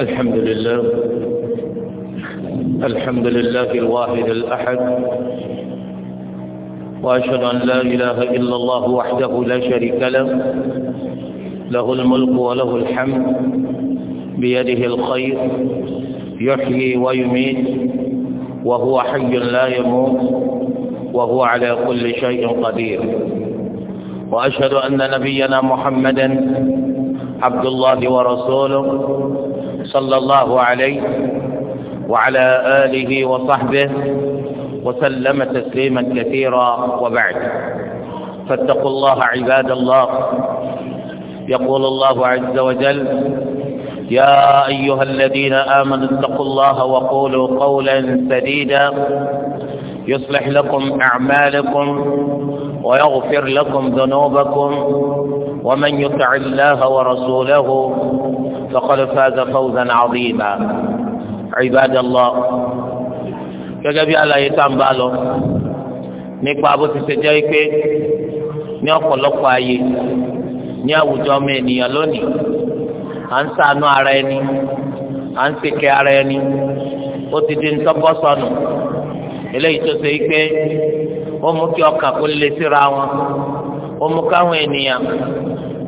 الحمد لله الحمد لله الواحد الأحد وأشهد أن لا إله إلا الله وحده لا شريك له له الملك وله الحمد بيده الخير يحيي ويميت وهو حي لا يموت وهو على كل شيء قدير وأشهد أن نبينا محمدا عبد الله ورسوله صلى الله عليه وعلى آله وصحبه وسلم تسليما كثيرا وبعد فاتقوا الله عباد الله يقول الله عز وجل يا أيها الذين آمنوا اتقوا الله وقولوا قولا سديدا يصلح لكم أعمالكم ويغفر لكم ذنوبكم ومن يطع الله ورسوله فقد فاز فوزا عظيما عباد الله gẹ́gẹ́ bí àlàyé tá à ń bá lọ nípa bó ti ṣe jẹ́ pé ní ọ̀pọ̀lọpọ̀ ayé ní àwùjọ ọmọ ènìyàn lónìí à ń ṣàánú ara ẹni à ń ṣèkẹ́ ara ẹni ó ti di ń tọ́ bọ́ sọnù. So eléyìí tó ṣe pé ó mú kí ọkàn kó lè síra wọn ó mú káwọn ènìyàn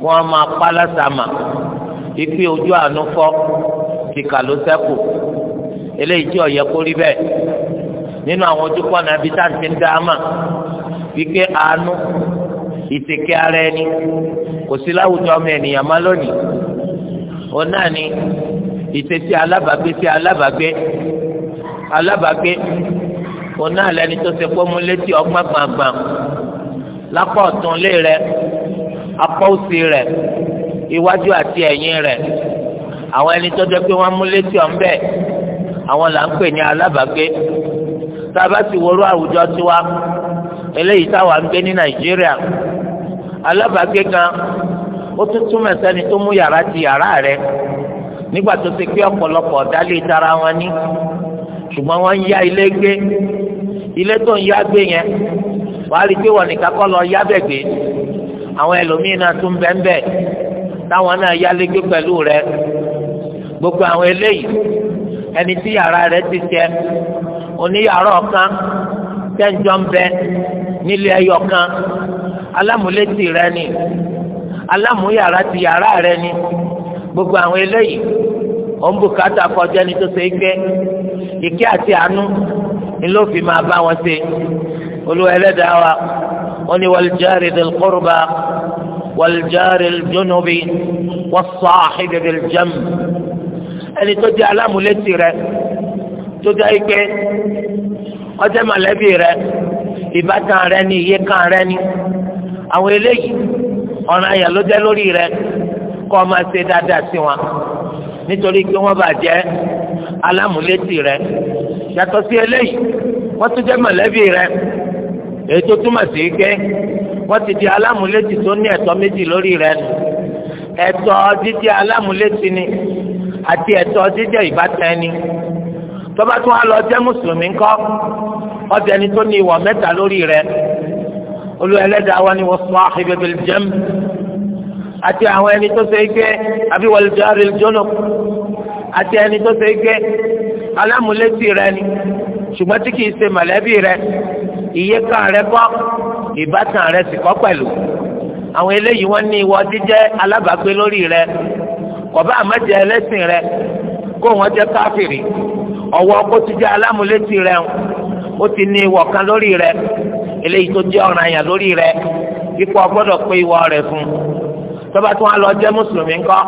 wọn máa pa lásàmà ipe ojú àánú fọ́ kíkà ló ṣẹ́kù eléyìí tí ọ̀yẹ́ kó rí bẹ́ẹ̀ nínú àwọn ojúkọ́ náà bí táǹtì ń dá a mà wípé àánú ìtẹ̀kẹ́ ara ẹni kò sí láwùjọ ọmọ ènìyàn má lónìí òun náà ni ìtẹ̀tí alábàágbé sí alábàágbé alábàágbé òun náà lẹni tó ṣe pé mú létí ọgbọ́n gbàngbàn lápá ọ̀tún lé rẹ apá òsì rẹ iwájú àti ẹ̀yìn rẹ àwọn ẹni tó jẹ́ pé wọ́n mú létí ọ̀nbẹ àwọn là ń pè ní alábàágbé tá a bá ti wọrú àwùjọ tiwa eléyìí táwa ń gbé ní nàìjíríà alábàágbé kan ó tún túmọ̀ sẹ́ni tó mú yàrá ti yàrá rẹ nígbà tó ti pé ọ̀pọ̀lọpọ̀ dálé tara wọn ní ṣùgbọ́n wọ́n ń yá ilé gbé ilé tó ń yá gbé yẹn wàá rí i pé wọn nìkan kọ́ lọ yá bẹ̀ àwọn ẹlòmíín náà tún bẹ́ẹ̀ bẹ́ẹ̀ táwọn náà yálé pẹ̀lú rẹ gbogbo àwọn eléyìí ẹni tí yàrá rẹ ti tẹ oníyàrá ọ̀kan tẹ́jọ́ ń bẹ nílé ẹyọ kan alámúlétì rẹ ni alámúyàrá ti yàrá rẹ ni gbogbo àwọn eléyìí ó ń bùkátà kọjá ni tó ṣe é gbé ìké àti àánú ńlọ fi máa bá wọn ṣe olúwa ẹlẹ́dàá wa wọ́n ní wàlìjáre del kórba wàlìjáre jónóbi wọ́n sọ àhídẹ̀ del jẹ́m ẹni tó jẹ́ alámúlétì rẹ tó jẹ́ ike ọjọ́ mọ̀lẹ́bí rẹ ìbátan rẹ ní iye kan rẹ ní àwọn eléyìí ọ̀ràn ayà ló jẹ́ lórí rẹ kọ́ máa ṣe dáadáa sí wọn nítorí pé wọ́n bàjẹ́ alámúlétì rẹ yàtọ̀ sí eléyìí wọ́n tún jẹ́ mọ̀lẹ́bí rẹ èyí tó túmọ̀ sí pé wọ́n ti di alámúlétì tó ní ẹ̀tọ́ méjì lórí rẹ nù ẹ̀tọ́ jíjẹ́ alámúlétì ni àti ẹ̀tọ́ jíjẹ́ ìbátan ẹni tọ́ba tún wá lọ jẹ́ mùsùlùmí ńkọ́ ọdẹ ẹni tó ní ìwọ̀ mẹ́ta lórí rẹ olú ẹlẹ́dàá wa ni wọ́n sọ àhìbẹ̀ jẹ́m àti àwọn ẹni tó ṣe é gbé àbí wal jaril junub àti ẹni tó ṣe é alámúlétì rẹ ni ṣùgbọ́n tí kìí ṣe mọ̀lẹ́bí rẹ ìyẹ́ka rẹ kọ́ ìbátan rẹ sì kọ́ pẹ̀lú àwọn eléyìí wọ́n ní ìwọ jíjẹ́ alábàágbé lórí rẹ kọ̀bá rẹ kó wọ́n jẹ́ ọ̀wọ́ kó ti jẹ́ rẹ ó ti ní kan lórí rẹ eléyìí tó jẹ́ ọ̀ràn rẹ ipò ọgbọ́dọ̀ pé ìwọ rẹ fún tọ́ba tí wọ́n lọ jẹ́ mùsùlùmí ńkọ́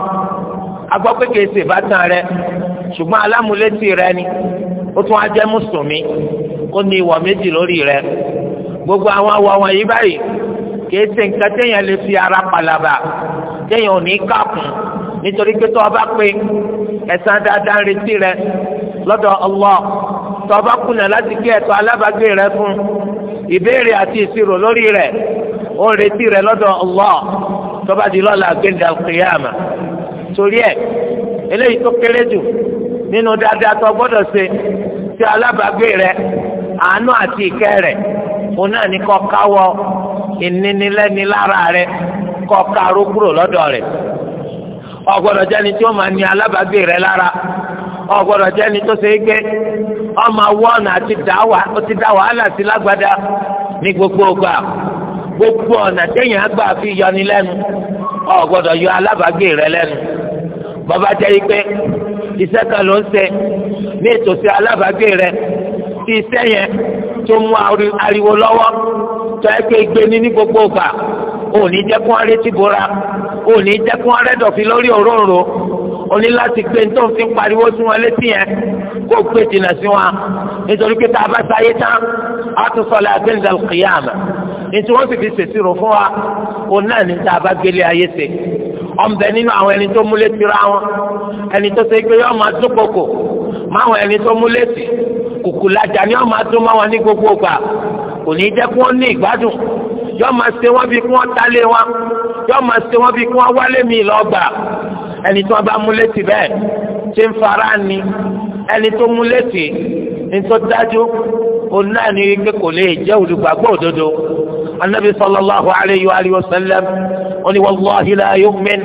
rẹ ṣùgbọ́n alámúlétì rẹ ni ó tún á jẹ́ mùsùlùmí ó ní ìwọ̀ méjì lórí rẹ gbogbo àwọn awọ wọn yìí báyìí kìí ṣe nǹkan téèyàn lè fi ara palaba téèyàn ò ní kàkùn nítorí pé tó o bá pé ẹ̀san dáadáa ń retí rẹ lọ́dọ̀ Allah tó o bá kùnà láti gbé ẹ̀tọ́ alábàágbé rẹ fún ìbéèrè àti ìṣirò lórí rẹ ó ń retí rẹ lọ́dọ̀ Allah tó bá di lọ́la gbẹ̀ndà kìyàmà torí ẹ̀ eléyìí tó kéré jù nínú dáadáa tó gbọ́dọ̀ ṣe sí alábàágbé rẹ àánú àti ìkẹ́ rẹ náà ní kọ káwọ́ ìnínílẹ́ni lára rẹ kọ káró kúrò lọ́dọ̀ rẹ ó gbọ́dọ̀ jẹ́ni tí o máa ní alábàágbé rẹ lára ó gbọ́dọ̀ tó ṣe é gbé ọmọ àti dá wàhálà sí lágbádá ní gbogbo gbogbo ọ̀nà téèyàn àgbà fi bàbá jẹ́ ipẹ́ iṣẹ́ kan ló ń ṣe ní ìtòsí alábàágbé rẹ tí iṣẹ́ yẹn tó mú ariwo lọ́wọ́ tó ẹ pé gbéni ní gbogbo ìgbà ò jẹ́ kó aré bora ò ní jẹ́ kó aré dọ̀fi lórí òróǹro o ní láti gbé ní tó ń fi pariwo sí wọn létí yẹn kó gbé jìnnà sí wọn nítorí pé tá a bá sáyé tán a tún sọlá àgbẹ̀ǹdà kìyàmù ní tí wọ́n sì fi ṣèṣirò fún wa òun náà ní tá a bá gbélé ayé ṣe ọ̀nbẹ nínú àwọn ẹni tó múlé tira wọn ẹni tó ṣe pé yọ máa dún koko má àwọn ẹni tó múlé tì kùkù lajà ni yọ máa dún má wọn ní gbogbo gbà kò ní jẹ́ kí wọ́n ní ìgbádùn yọ máa ṣe wọ́n bí kí wọ́n tálé wọn yọ máa ṣe wọ́n bí kí wọ́n wálé mi lọ́gbà ẹni tó bá múlé tì bẹ́ẹ̀ ṣe ń fara ni ẹni tó múlé tì ní tó dájú òun náà ní pé kò lè jẹ́ olùgbàgbọ́ òdodo. النبي صلى الله عليه وآله وسلم قل والله لا يؤمن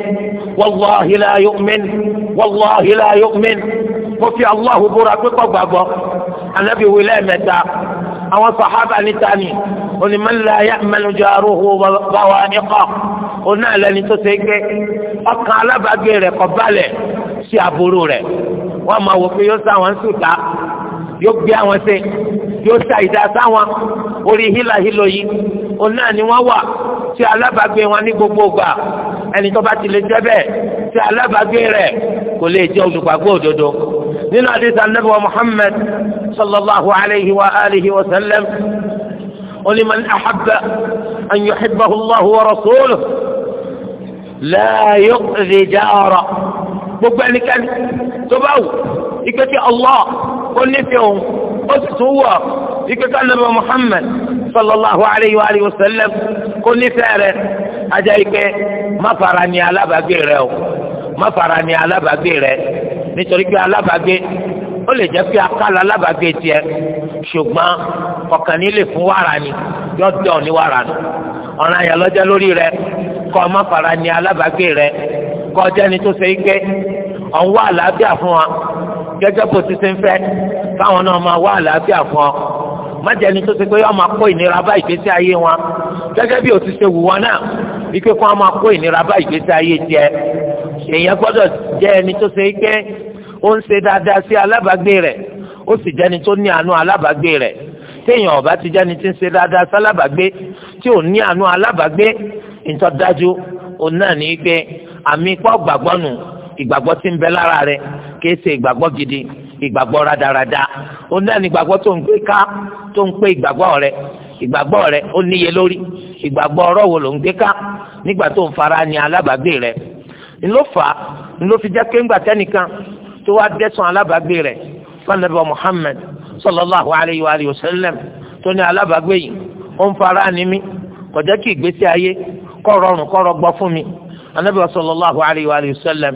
والله لا يؤمن والله لا يؤمن وفي الله برك طبعا النبي ولامة أو صحابة نتاني قل من لا يأمن جاره بوائقه قلنا لن تسيك أقال بغير قباله sí aburú rẹ̀ wọ́n máa wò pé yóò yóò ta ìdá sáwọn orí hílàhílo yìí òun náà ni wọ́n wà tí alábàágbé wọn ní gbogbo gbà ẹni tó bá ti lè jẹ́ bẹ́ẹ̀ tí alábàágbé rẹ̀ kò lè jẹ́ olùgbàgbọ́ òdodo nínú àdìsí ànábì wa Muhammad sallallahu alayhi wa alihi wa sallam ولمن أحب أن يحبه الله ورسوله لا يؤذي جاره gbogbo ẹnikẹ́ni tó bá wù ikẹ́ Allah kò nífẹ̀ẹ́ òun ó sì tún wọ̀ ike ká nàbẹ Muhammad sallallahu alayhi wa alihi wa sallam kó nífẹ̀ẹ́ rẹ̀ ajá ike má fara ni alábàágbé rẹ̀ o má fara ni alábàágbé rẹ̀ nítorí pé alábàágbé ó lè jẹ́ pé akálà alábàágbé tiẹ̀ ṣùgbọ́n ọ̀kan ní lè fún wàrà ni yọ dẹ̀ ní wàrà ni ọ̀ràn àyàn lórí rẹ̀ kọ́ má fara ni alábàágbé rẹ̀ kọ́ ọjọ́ tó ṣe ike ọ̀n wá àlàáfíà fún wa. gẹ́gẹ́ bó ti ṣe ń fẹ́ káwọn náà máa wá àlàáfíà fún ọ májẹni tó ṣe pé ọ máa kó ìnira bá ìgbésí ayé wọn gẹ́gẹ́ bí o ti ṣe wù wọn náà ike kó wọn máa kó ìnira bá ìgbésí ayé tiẹ̀ èèyàn gbọ́dọ̀ jẹ́ ẹni tó ṣe pé ó ń ṣe dáadáa sí rẹ̀ ó sì jẹ́ni tó ní àánú rẹ̀ téèyàn ti jẹ́ni tí ń ṣe dáadáa sí tí ò ní àánú ìtọ́jú òun náà ní pé àmì kìí ṣe ìgbàgbọ́ gidi ìgbàgbọ́ radarada ó náà ní ìgbàgbọ́ tó ń pé ká tó ń pé ìgbàgbọ́ rẹ ìgbàgbọ́ rẹ ó níye lórí ìgbàgbọ́ ọ̀rọ̀ wo ló ń gbé ká nígbà fara ni alábàágbé rẹ ńlọ fà ńlọ fi jẹ́ pé ńgbà tẹ́nìkan tó wá dẹ́sùn rẹ Muhammad alayhi wa alihi wa sallam tó ní yìí ó ń fara ni mí kí ìgbésí ayé rọrùn fún mi sallallahu wa sallam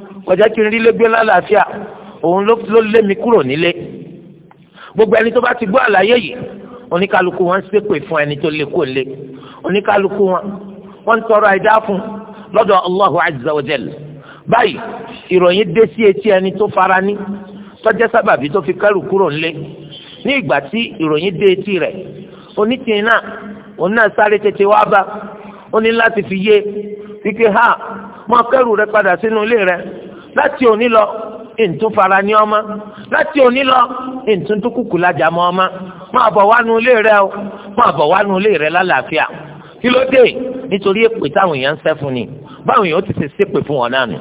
ọjà kí n rí lé gbé lálàáfíà òun ló lé mi kúrò nílé gbogbo ẹni tó bá ti gbọ́ àlàyé yìí oníkálukú wọn ṣépè fún ẹni tó lé kó lé oníkálukú wọn wọn tọrọ àìdá fún lọ́dọ̀ Allahu azza wa jalla báyìí ìròyìn dé sí etí ẹni tó fara ní tọ́jẹ́ sábàbí tó fi kẹ́rù kúrò ńlé ní ìgbà tí ìròyìn dé etí rẹ̀ onítìyìn náà òun náà sáré tètè wá bá ó ní láti fi yé wípé ha máa kẹ́rù rẹ padà sínú ilé rẹ láti òní lọ ntún fara ní ọmọ láti òní lọ ntún dúkùkù lájà mọ ọmọ máa bọ̀ wánu ilé rẹ o máa bọ̀ wánu ilé rẹ lálàáfíà kí ló dé nítorí èpè táwọn èèyàn ń sẹ́ fún ni báwọn èèyàn ti ṣe ṣépè fún wọn náà nù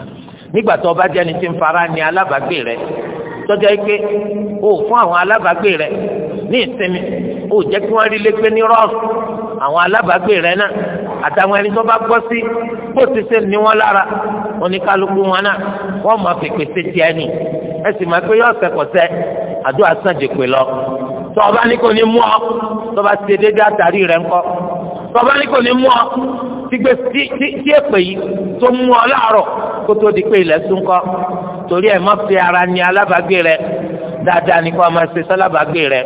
nígbà tó bá jẹ́ni tí ń fara ní alábàágbé rẹ tọ́jà ike o fún àwọn alábàágbé rẹ ní ìsinmi o jẹ́ kí wọ́n rí lé pé ní rọ́ọ̀sì àwọn alábàágbé rẹ náà àtàwọn ẹni tó bá gbọ́ sí bó ti ṣe ní wọn lára oníkálukú wọn náà wọn máa fèpè sí tiẹ̀ ni ẹ sì máa pé yóò sẹkọsẹ àdúrà sàn jèpè lọ tọba ní kò ní mú ọ tọba ti dédé àtàrí rẹ ńkọ́ tọba ní kò ní mú ọ tígbé tí èpè yìí tó mú ọ láàárọ̀ kó tó di pé ilẹ̀ sún kọ́ torí ẹ̀ má fi ara ní alábàágbé rẹ dáadáa ní kó ọmọ ẹsẹ̀ sálábàágbé rẹ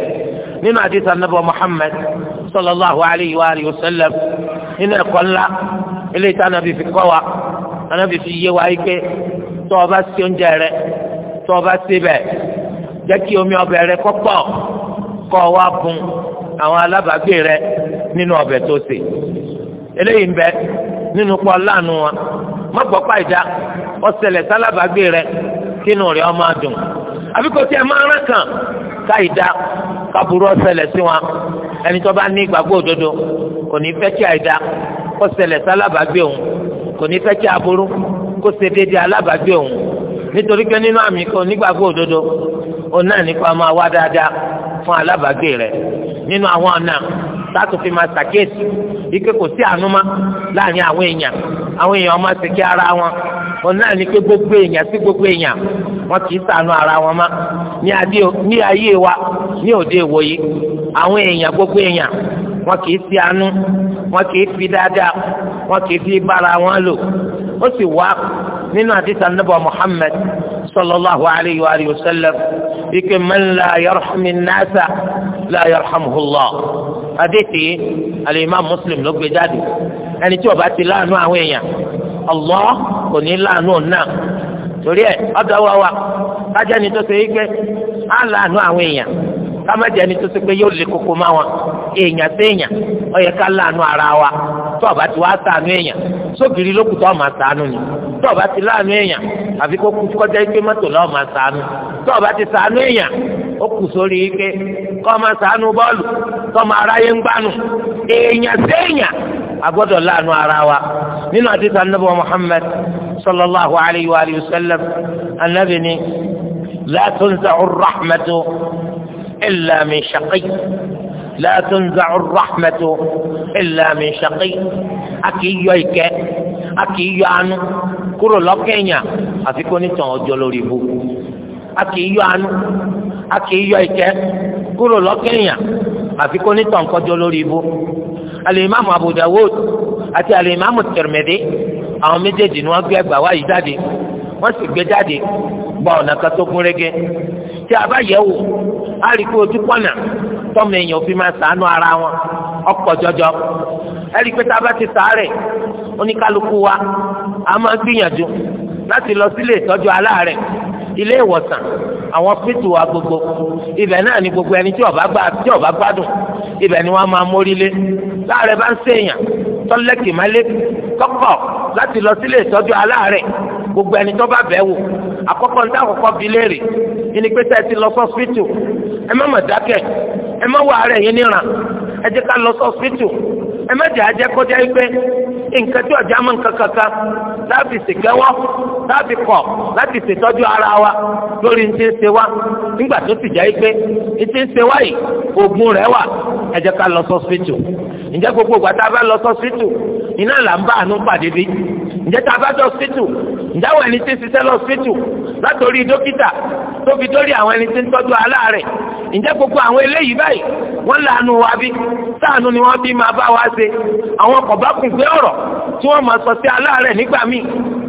nínú àdìsá Muhammad sallallahu alayhi wa alihi wa sallam nínú ẹ̀kọ́ ńlá eléyìí tá ànábì fi kọ́ wa ànábì fi yé wa yí pé tó o bá sí oúnjẹ rẹ tó o bá sí bẹ̀ jẹ́ kí omi ọbẹ̀ rẹ kọ́ pọ̀ kọ́ ọ wá bùn àwọn alábàágbé rẹ nínú ọbẹ̀ tó sè eléyìí ń bẹ nínú pọ̀ láàánú wa má gbọ́ pàìdá ọ̀sẹ̀lẹ̀ sálábàágbé rẹ kínú rẹ ọmọ adùn àbí kò tiẹ̀ máa rán kàn káyìí kábùrú ọ̀sẹ̀lẹ̀ sí wọn ẹni tó bá ní ìgbàgbọ́ òdodo kò ní fẹ́ kí àìdá kó ṣẹlẹ̀ sí alábàágbé òun kò ní fẹ́ kí aburú kó ṣe déédéé alábàágbé òun nítorí pé nínú àmì òdodo òun láti fi máa ṣàkíyèsí ike kò sí àánú má láàrin àwọn èèyàn àwọn èèyàn máa ṣe kí ara wọn òun náà ní pé gbogbo èèyàn sí gbogbo èèyàn wọn kì í ṣàánú ara wọn má ní ayé wa ní òde ìwòyí àwọn èèyàn gbogbo èèyàn wọn kì í ṣe àánú wọn kì í fi dáadáa wọn kì í fi bára wọn lò ó sì wá nínú àdìsá nàbọ Muhammad sallallahu alayhi wa sallam ike man la yarhamin nasa la yarhamuhu Allah. adétì alimami muslim ló gbé jáde ẹni tí ó bá ti láàánú àwọn èèyàn Allah kò ní láàánú ọ̀nà torí ẹ ọ̀dọ̀ wa wa kájẹ́ tó ṣe yí á láàánú àwọn èèyàn kámájẹ́ tó ṣe pé yóò lè koko má wọn èèyàn sí èèyàn ó ká láàánú ara wa tó ọba ti wá èèyàn lókùtà ọmọ ni ọba ti èèyàn àfi kó kọjá ọba ti èèyàn ó kù sórí ike kọ́ máa sànú bọ́ọ̀lù kọ́ máa aráyé ń gbánu èèyàn séèyàn agbọ́dọ̀ láàánú ara wa nínú àdìsá nàbọ̀ Muhammad sallallahu alayhi wa sallam anabi ni la tunza'u rahmatu illa min shaqi la tunza'u rahmatu illa a kì yọ ìkẹ́ a kì yọ àánú kúrò lọ́kẹ́yìn àfi ní tàn ọjọ́ lórí ibú a kì yọ àánú a kì í yọ ìkẹ́ kúrò lọ́kẹ́yìn àfi kó nítọ̀ nǹkan jọ lórí ibú alimami Abu àti alimami Tirmidhi àwọn méjèèjì ni wọ́n gbé ẹgbàá wá yìí jáde wọ́n sì gbé jáde gba ọ̀nà kan tó gún régé tí a bá yẹ̀ wò a rí i pọ̀nà tọ́mọ èèyàn fi máa ara wọn ọ̀pọ̀ jọjọ ẹ rí i pé ilé ìwòsàn àwọn pítù wa gbogbo ibẹ̀ náà ni gbogbo ẹni tí ó bá gbádùn ibẹ̀ ni wọ́n máa mórí lé láàrẹ̀ bá ń ṣèyàn tọ́lẹ́kì má lé kọ́kọ́ láti lọ sílé ìtọ́jú aláàárẹ̀ gbogbo ẹni tó bá bẹ̀ wò àkọ́kọ́ ní àkọ́kọ́ bi léèrè ẹni pé tá ẹ ti lọ sọ́sìpìtì ẹ má mà dákẹ́ ẹ má wà ara yín níran ẹ jẹ́ ká lọ sọ́sìpìtì ẹ má jẹ́ ajẹ́ kọjá yín pé nǹkan tí ọ̀já mọ̀ nǹkan kankan láàbì ṣègbẹ́wọ́ láàbì kọ̀ láti ṣètọ́jú ara wa lórí ti ń ṣe wá nígbà tó ti jẹ́ pé ti ń ṣe wá yìí oògùn rẹ̀ wà ẹ jẹ́ ká lọ sọ́sìpìtì ǹjẹ́ gbogbo ìgbà tá a bá lọ sọ́sìpìtì iná là ń bá àánú pàdé dé ǹjẹ́ tá a bá dọ̀ hospital ǹjẹ́ àwọn ẹni tí ń ṣiṣẹ́ lọ hospital látòrí dókítà tó fi dórí àwọn ẹni tí ń tọ́jú wa bí sáànù ni wọ́n fi máa bá wa ṣe àwọn kọ̀bákùn pé ọ̀rọ̀ tí wọ́n máa sọ sí aláàárẹ̀ nígbà míì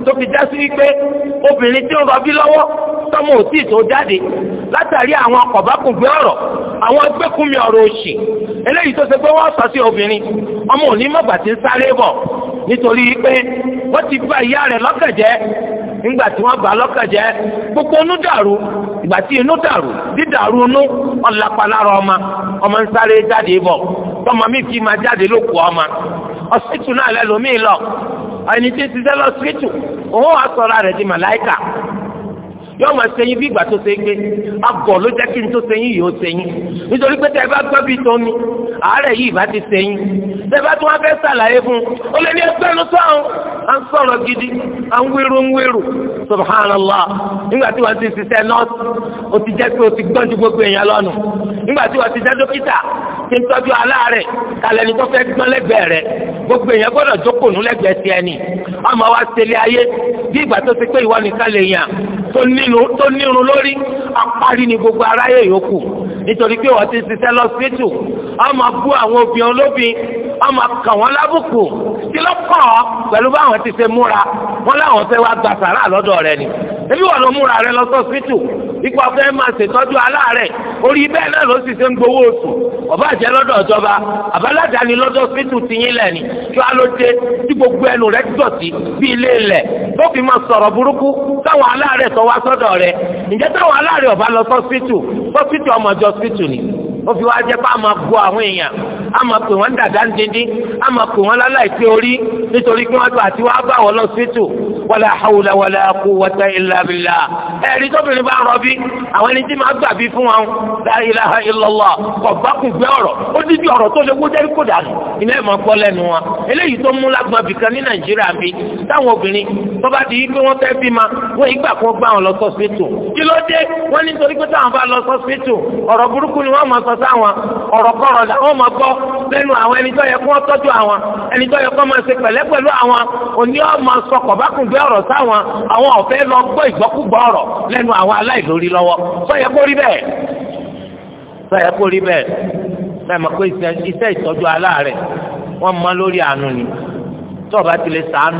tó fi já sí wípé obìnrin tí ń bí lọ́wọ́ tọ́mọ òtí tó jáde látàrí àwọn ọ̀bákùnfin ọ̀rọ̀ àwọn ẹgbẹ́kùnmi ọ̀rọ̀ òṣì eléyìí tó ṣe pé wọ́n sọ sí obìnrin ọmọ òní mọ̀gbà tí ń sáré bọ̀ nítorí wọ́n ti bá ìyá rẹ̀ tí wọ́n bá gbogbo inú dàrú ìgbà tí inú dàrú dídàrú inú ń sáré ẹni tí ti sẹ́ lọ síkìtù òun wà rẹ̀ di màláìkà yóò máa sẹ́yìn bí ìgbà tó ṣe é gbé agọ̀ ló jẹ́ kí n tó sẹ́yìn yìí ó sẹ́yìn nítorí pé tẹ́ẹ̀ bá gbọ́ bí tómi àárẹ̀ yìí bá ti sẹ́yìn tẹ́ẹ̀ bá tún wá fẹ́ sàlàyé fún un ó lè ní ẹgbẹ́nu sọ́hún à ń sọ̀rọ̀ gidi à ń wérò ń wérò subhanallah nígbà tí wọ́n ti ṣiṣẹ́ nọ́ọ̀sì ó ti jẹ́ pé ó ti gbọ́n ju gbogbo èèyàn lọ́nu nígbà tí wọ́n ti jẹ́ dókítà ti ń tọ́jú aláàárẹ̀ kalẹ̀ ní tó fẹ́ gbọ́n lẹ́gbẹ̀ẹ́ rẹ̀ gbogbo èèyàn gbọ́dọ̀ jókòó nù lẹ́gbẹ̀ẹ́ tiẹ̀ ni ọmọ wa ṣẹlẹ̀ ayé bí ìgbà tó ti pé ìwọ lè yàn tó ní tó nírun lórí apárí ni gbogbo aráyè yòókù nítorí pé wọ́n ti ṣiṣẹ́ lọ síìtù ọmọ bú àwọn obìnrin olóbìn ọmọ kàn wọ́n lábùkù tí lọ́pọ̀ pẹ̀lú báwọn ti ṣe múra wọ́n láwọn fẹ́ wá gba sàrà lọ́dọ̀ rẹ ni ebi wọ́n lọ múra rẹ lọ sọ́sìtù ipò afẹ́ máa ṣètọ́jú aláàárẹ̀ orí bẹ́ẹ̀ náà ló sì ṣe ń gbowó oṣù ọba àjẹ́ lọ́dọ̀ ìjọba àbáládàáni lọ́dọ̀ sọ́sìtù ti lẹ́ni kí wàá ló dé tí gbogbo ẹnu rẹ dọ̀tí bí ilé ilẹ̀ tó fi máa sọ̀rọ̀ burúkú táwọn aláàárẹ̀ tó wá sọ́dọ̀ rẹ̀ ǹjẹ́ táwọn aláàárẹ̀ ọba lọ sọ́sítù ọmọ ọmọdé sọ́sítù ni ó fi wá jẹ́ pé a máa bu àwọn èèyàn a máa pè wọ́n dàda ń díndín a máa pè láláì orí nítorí kí tó àti wá bá wọn lọ wàlà hawla wàlà quwwata illa billah ẹ̀rí tóbìnrin bá ń rọbí àwọn ẹni tí máa gbà bí fún wọn la ilaha illallah kò bá kù gbé ọ̀rọ̀ ó dídí ọ̀rọ̀ tó ṣe kó jẹ́ kó dàrú ilé ìmọ̀ gbọ́ lẹ́nu wọn eléyìí tó mú lágbọn bìkan ní nàìjíríà bí táwọn obìnrin tó bá di pé wọ́n fẹ́ bí ma wọ́n ìgbà kan gbá wọn lọ sọ́sìpítù kí ló dé wọ́n ní torí pé táwọn bá lọ sọ́sìpítù ọ̀rọ̀ burúkú ni wọ́n máa sọ sáwọn ọ̀rọ̀ kọ̀rọ̀ làwọn máa gbọ́ lẹ́nu àwọn ẹni tó yẹ kó wọ́n tọ́jú àwọn ẹni tó yẹ kó máa ṣe pẹ̀lẹ́ àwọn òní ọ̀ máa sọ kọ̀bákùn ìwé ọ̀rọ̀ sáwọn àwọn ọ̀fẹ́ lọ gbọ́ ìgbọ́kúgbọ́ ọ̀rọ̀ lẹ́nu àwọn aláìlórí lọ́wọ́ sọ̀yẹ́ kó bẹ́ẹ̀ sọ̀yẹ́ kó bẹ́ẹ̀ bẹ́ẹ̀ mọ̀ pé iṣẹ́ ìtọ́jú aláàárẹ̀ wọ́n mọ lórí àánú ni tó o bá ti lè sàánú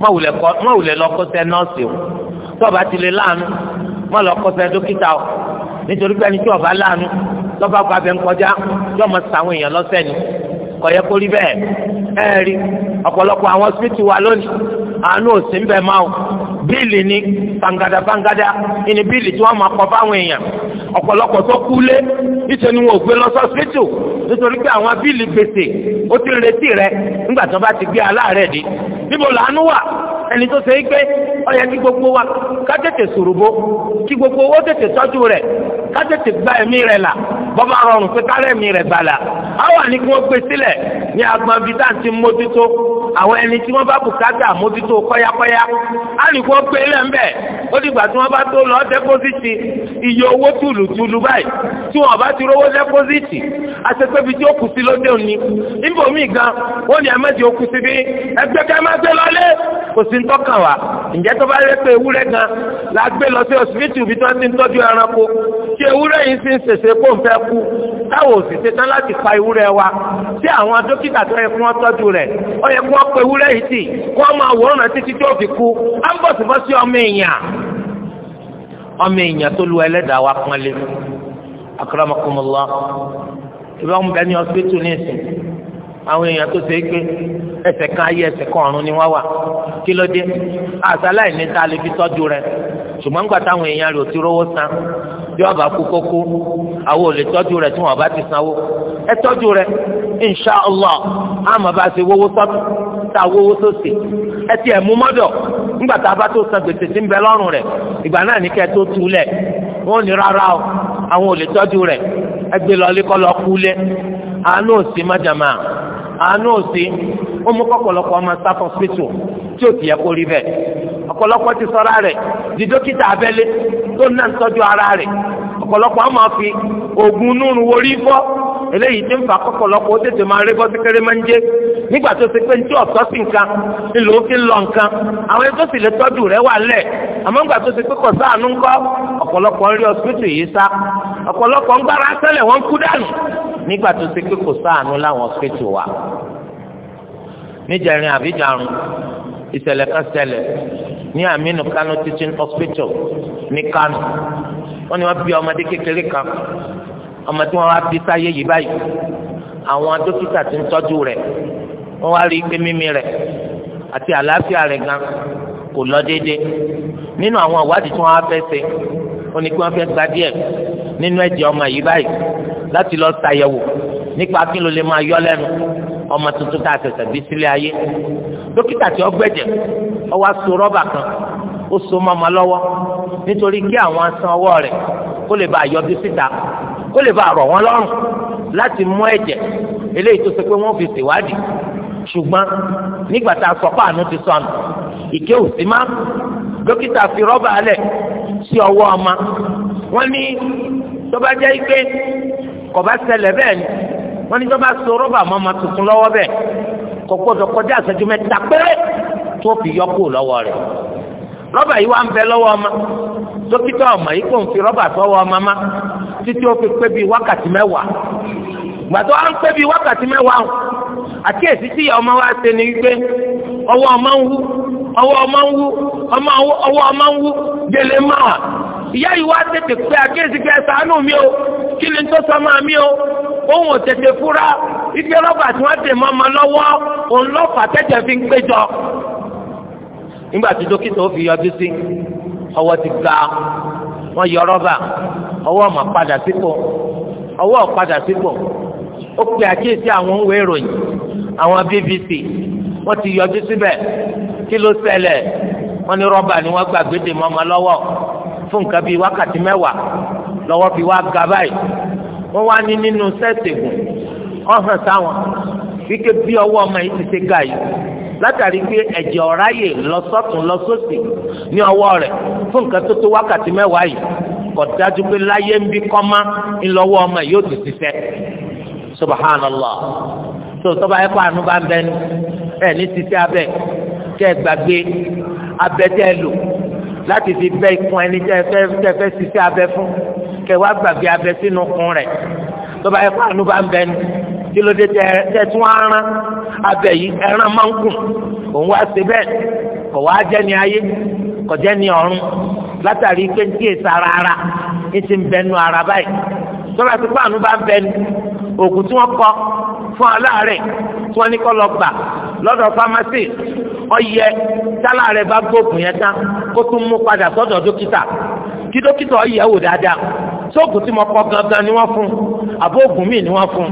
má wulẹ̀ lọ nọ́ọ̀sì o tó ti lè láàánú má lọ dókítà o nítorí pé ẹni tí o láàánú lọ́ba kọ̀yẹ́ kó rí bẹ́ẹ̀ ẹ̀rí ọ̀pọ̀lọpọ̀ àwọn síbítù wa lónìí àánú òsínbẹ̀ máa bíìlì ni pangada pangada bíìlì tí wọn máa kọ fáwọn èèyàn ọpọlọpọ tó kú ni wọn ò gbé lọ sọ́sítù nítorí pé àwọn ti retí rẹ nígbà tó bá ti gbé aláàárẹ̀ dé níbo làánú wà ẹni gbogbo wa ká tètè sòròbó kí gbogbo owó tètè tọ́jú ká tètè gba ẹ̀mí rẹ là bọ́bá rọrùn pé ká rẹ̀mí gbàlà á wà ní kí wọ́n gbé sílẹ̀ ní agbọ̀n bíi mójútó kọ́ gbé lẹ́ńbẹ̀ ó tí wọ́n bá tó lọ dẹ́pọ́sìtì iye owó tùlùtùlù báyìí tí wọ́n bá ti rówó dẹ́pọ́sìtì àṣepẹ́bi tí ó kù sí lóde òní níbo míì gan wọ́n ní ẹ̀mẹ́jì ó kù sí bí ẹgbẹ́ ká má gbé kò sí ń tọ́kàn wá ǹjẹ́ tó bá la gbé lọ sí ewúrẹ́ yìí sì ń ṣèṣe kó ń fẹ́ kú táwọn òṣìṣẹ́ tán láti fa ewúrẹ́ wa tí àwọn dókítà tó yẹ kí wọ́n tọ́jú rẹ̀ ó yẹ kí wọ́n pe ewúrẹ́ yìí tì kó wọ́n máa wòrán rẹ̀ títí tó fi kú á ń bọ̀sibọ́sí ọmọ èèyàn wa ní ìsìn àwọn èèyàn tó ṣe é ẹsẹ̀ kan ayé ẹsẹ̀ kan ọ̀run ni wọ́n wà kí ló dé àṣà láì ní ta lè fi tọ́jú bí wọn bá kú kókó àwọn olè tọ́jú rẹ̀ tí wọn bá ti sanwó ẹ tọ́jú rẹ̀ inshallah àmọ́ bá ṣe wọ́wọ́ sọ́tù tá a wọ́wọ́ sósì ẹ tiẹ̀ mú mọ́dọ̀ nígbà tá a bá tó san gbèsè tí ń bẹ lọ́rùn rẹ̀ ìgbà náà ní kẹ́ tó tu lẹ̀ wọn ní rárá o àwọn olè tọ́jú rẹ̀ ẹ gbé lọ lékọ́ kú lẹ̀ àánú òsì májàmá àánú òsì ó mú kọ́pọ̀lọpọ̀ ọmọ sáfọ̀ ọ̀pọ̀lọpọ̀ ti sọra rẹ̀ di dókítà abẹ́lé tó náà ń tọ́jú ara rẹ̀ ọ̀pọ̀lọpọ̀ á máa fi oògùn núrun orí fọ́ eléyìí tí ń fa kọ́pọ̀lọpọ̀ ó tètè máa rí bọ́sí kéré máa ń jẹ́ nígbà tó ti pé ní tí ọ̀tọ́ sí nǹkan ńlò ó fi lọ nǹkan àwọn ẹni tó sì lè tọ́jú rẹ̀ wà lẹ̀ àmọ́ nígbà tó ti pé kò sáànù ńkọ́ ọ̀pọ̀lọpọ̀ ń rí ọsibítù yìí sá ọ̀pọ̀lọpọ̀ ń gbára sẹ́lẹ̀ wọ́n kú dànù nígbà tó ti pé kò sáànù láwọn ọsibítù wa níjẹrin àbíjàrún ìṣẹ̀lẹ̀ kan ṣẹlẹ̀ ní Aminu Kano teaching hospital ní Kano wọ́n ní wọ́n bí ọmọdé kékeré kan ọmọ tí wọ́n wá bí sáyé yìí báyìí àwọn dókítà ti ń tọ́jú rẹ̀ wọ́n wá rí pé mímí rẹ̀ àti àlàáfíà rẹ̀ gan kò lọ déédéé nínú àwọn ìwádìí tí wọ́n wá fẹ́ ṣe wọ́n ní kí wọ́n fẹ́ gba díẹ̀ nínú ẹ̀jẹ̀ ọmọ yìí báyìí láti lọ ṣàyẹ̀wò nípa kí ló lè máa yọ lẹ́nu ọmọ tuntun tá a ṣẹ̀ṣẹ̀ bí sílé ayé dókítà tí ó gbẹ̀jẹ̀ ó wá so rọ́bà kan ó so mọ́mọ́ lọ́wọ́ nítorí kí àwọn asan ọwọ́ rẹ̀ kó lè bá a yọjú síta kó lè bá a rọ̀ wọ́n lọ́rùn láti mú ẹ̀jẹ̀ eléyìí tó ṣe pé wọ́n fi ṣèwádìí ṣùgbọ́n nígbà tá a sọ pé àánú ti sọnù ìké ò sí má dókítà fi rọ́bà alẹ̀ sí ọwọ́ ọmọ wọ́n ní tó bá jẹ́ ike kò bá ṣẹlẹ̀ bẹ́ẹ̀ ni wọ́n ní sọ́ba so rọba mọ́ ọmọ tuntun lọwọ bẹ́ẹ̀ kò gbọ́dọ̀ kọjá àṣẹjú mẹ́ta péré tó fi yọ rẹ̀ rọ́bà yìí ń bẹ lọ́wọ́ ọmọ dókítà ọmọ yìí kò ń fi rọ́bà sọ́wọ́ ọmọ má títí ó fi pé wákàtí gbàtọ́ à ń pé wákàtí tí ọmọ wa ṣe ni wípé ọwọ́ ọmọ ń wú ọwọ́ ọmọ ń wú ọmọ ń ìyá yìí wá tètè pé àkéésí pé ẹsàánú mi o kí ni tó sọ máa mi o òun ò tètè fura ike rọ́bà tí wọ́n dè mọ́ ọmọ lọ́wọ́ òun lọ́fà tẹ́jẹ̀ fi ń péjọ. nígbà tí dókítà ó fi yọjú sí ọwọ́ ti ga wọ́n yọ rọ́bà ọwọ́ ọmọ padà sípò ọwọ́ padà sípò ó pe àkéésí àwọn òwe ìròyìn àwọn BBC wọ́n ti yọjú síbẹ̀ kí ló ṣẹlẹ̀ wọ́n ní rọ́bà ni wọ́n gbàgbé dè fún nǹkan bíi wákàtí mẹ́wàá lọ́wọ́ fi wá ga báyìí wọ́n wá ní nínú sẹ́ẹ̀tẹ̀gùn ọ̀hàn sáwọn wíkẹ́ bí ọwọ́ ọmọ yìí ti ṣe ga yìí látàrí pé ẹ̀jẹ̀ ọ̀ráyè lọ́sọ̀tún lọ́sọ̀sì ní ọwọ́ rẹ̀ fún nǹkan tó tó wákàtí mẹ́wàá yìí kò dájú pé láyé ń bí kọ́má ńlọ́wọ́ ọmọ yìí ó ti ṣiṣẹ́ subhanallah tó tọ́ba ẹ̀kọ́ àánú bá ń bẹ́ni ẹ̀ ní ṣiṣẹ́ abẹ kẹ́ gbàgbé abẹ́tẹ́ lò láti fi bẹ́ ikùn ẹni tẹ́fẹ́ tẹ́fẹ́ ṣiṣẹ́ abẹ fún kẹ wá gbàgbé abẹ sínú kun rẹ̀ tó bá yẹ kó àánú bá ń bẹ nu kí ló dé tẹ tún aràn abẹ yìí ẹran máa ń gùn òun wá ṣe bẹ́ẹ̀ kò wá jẹ́ ní ayé kò jẹ́ ní ọ̀run látàrí pé ń tíyè sára ara ń ti ń bẹ nu ara báyìí tó bá ti kó àánú bá ń bẹ nu oògùn tí wọ́n kọ fún aláàárẹ̀ tí wọ́n ní kó lọ gbà lọ́dọ̀ fámásì ọyẹ táláàárẹ̀ bá gbóògùn yẹn tán kó tún mú padà sọ́dọ̀ dókítà kí dókítà ọyẹ wò dáadáa sóògùn tí mo kọ gangan ni wọ́n fún àbó oògùn míì ni wọ́n fún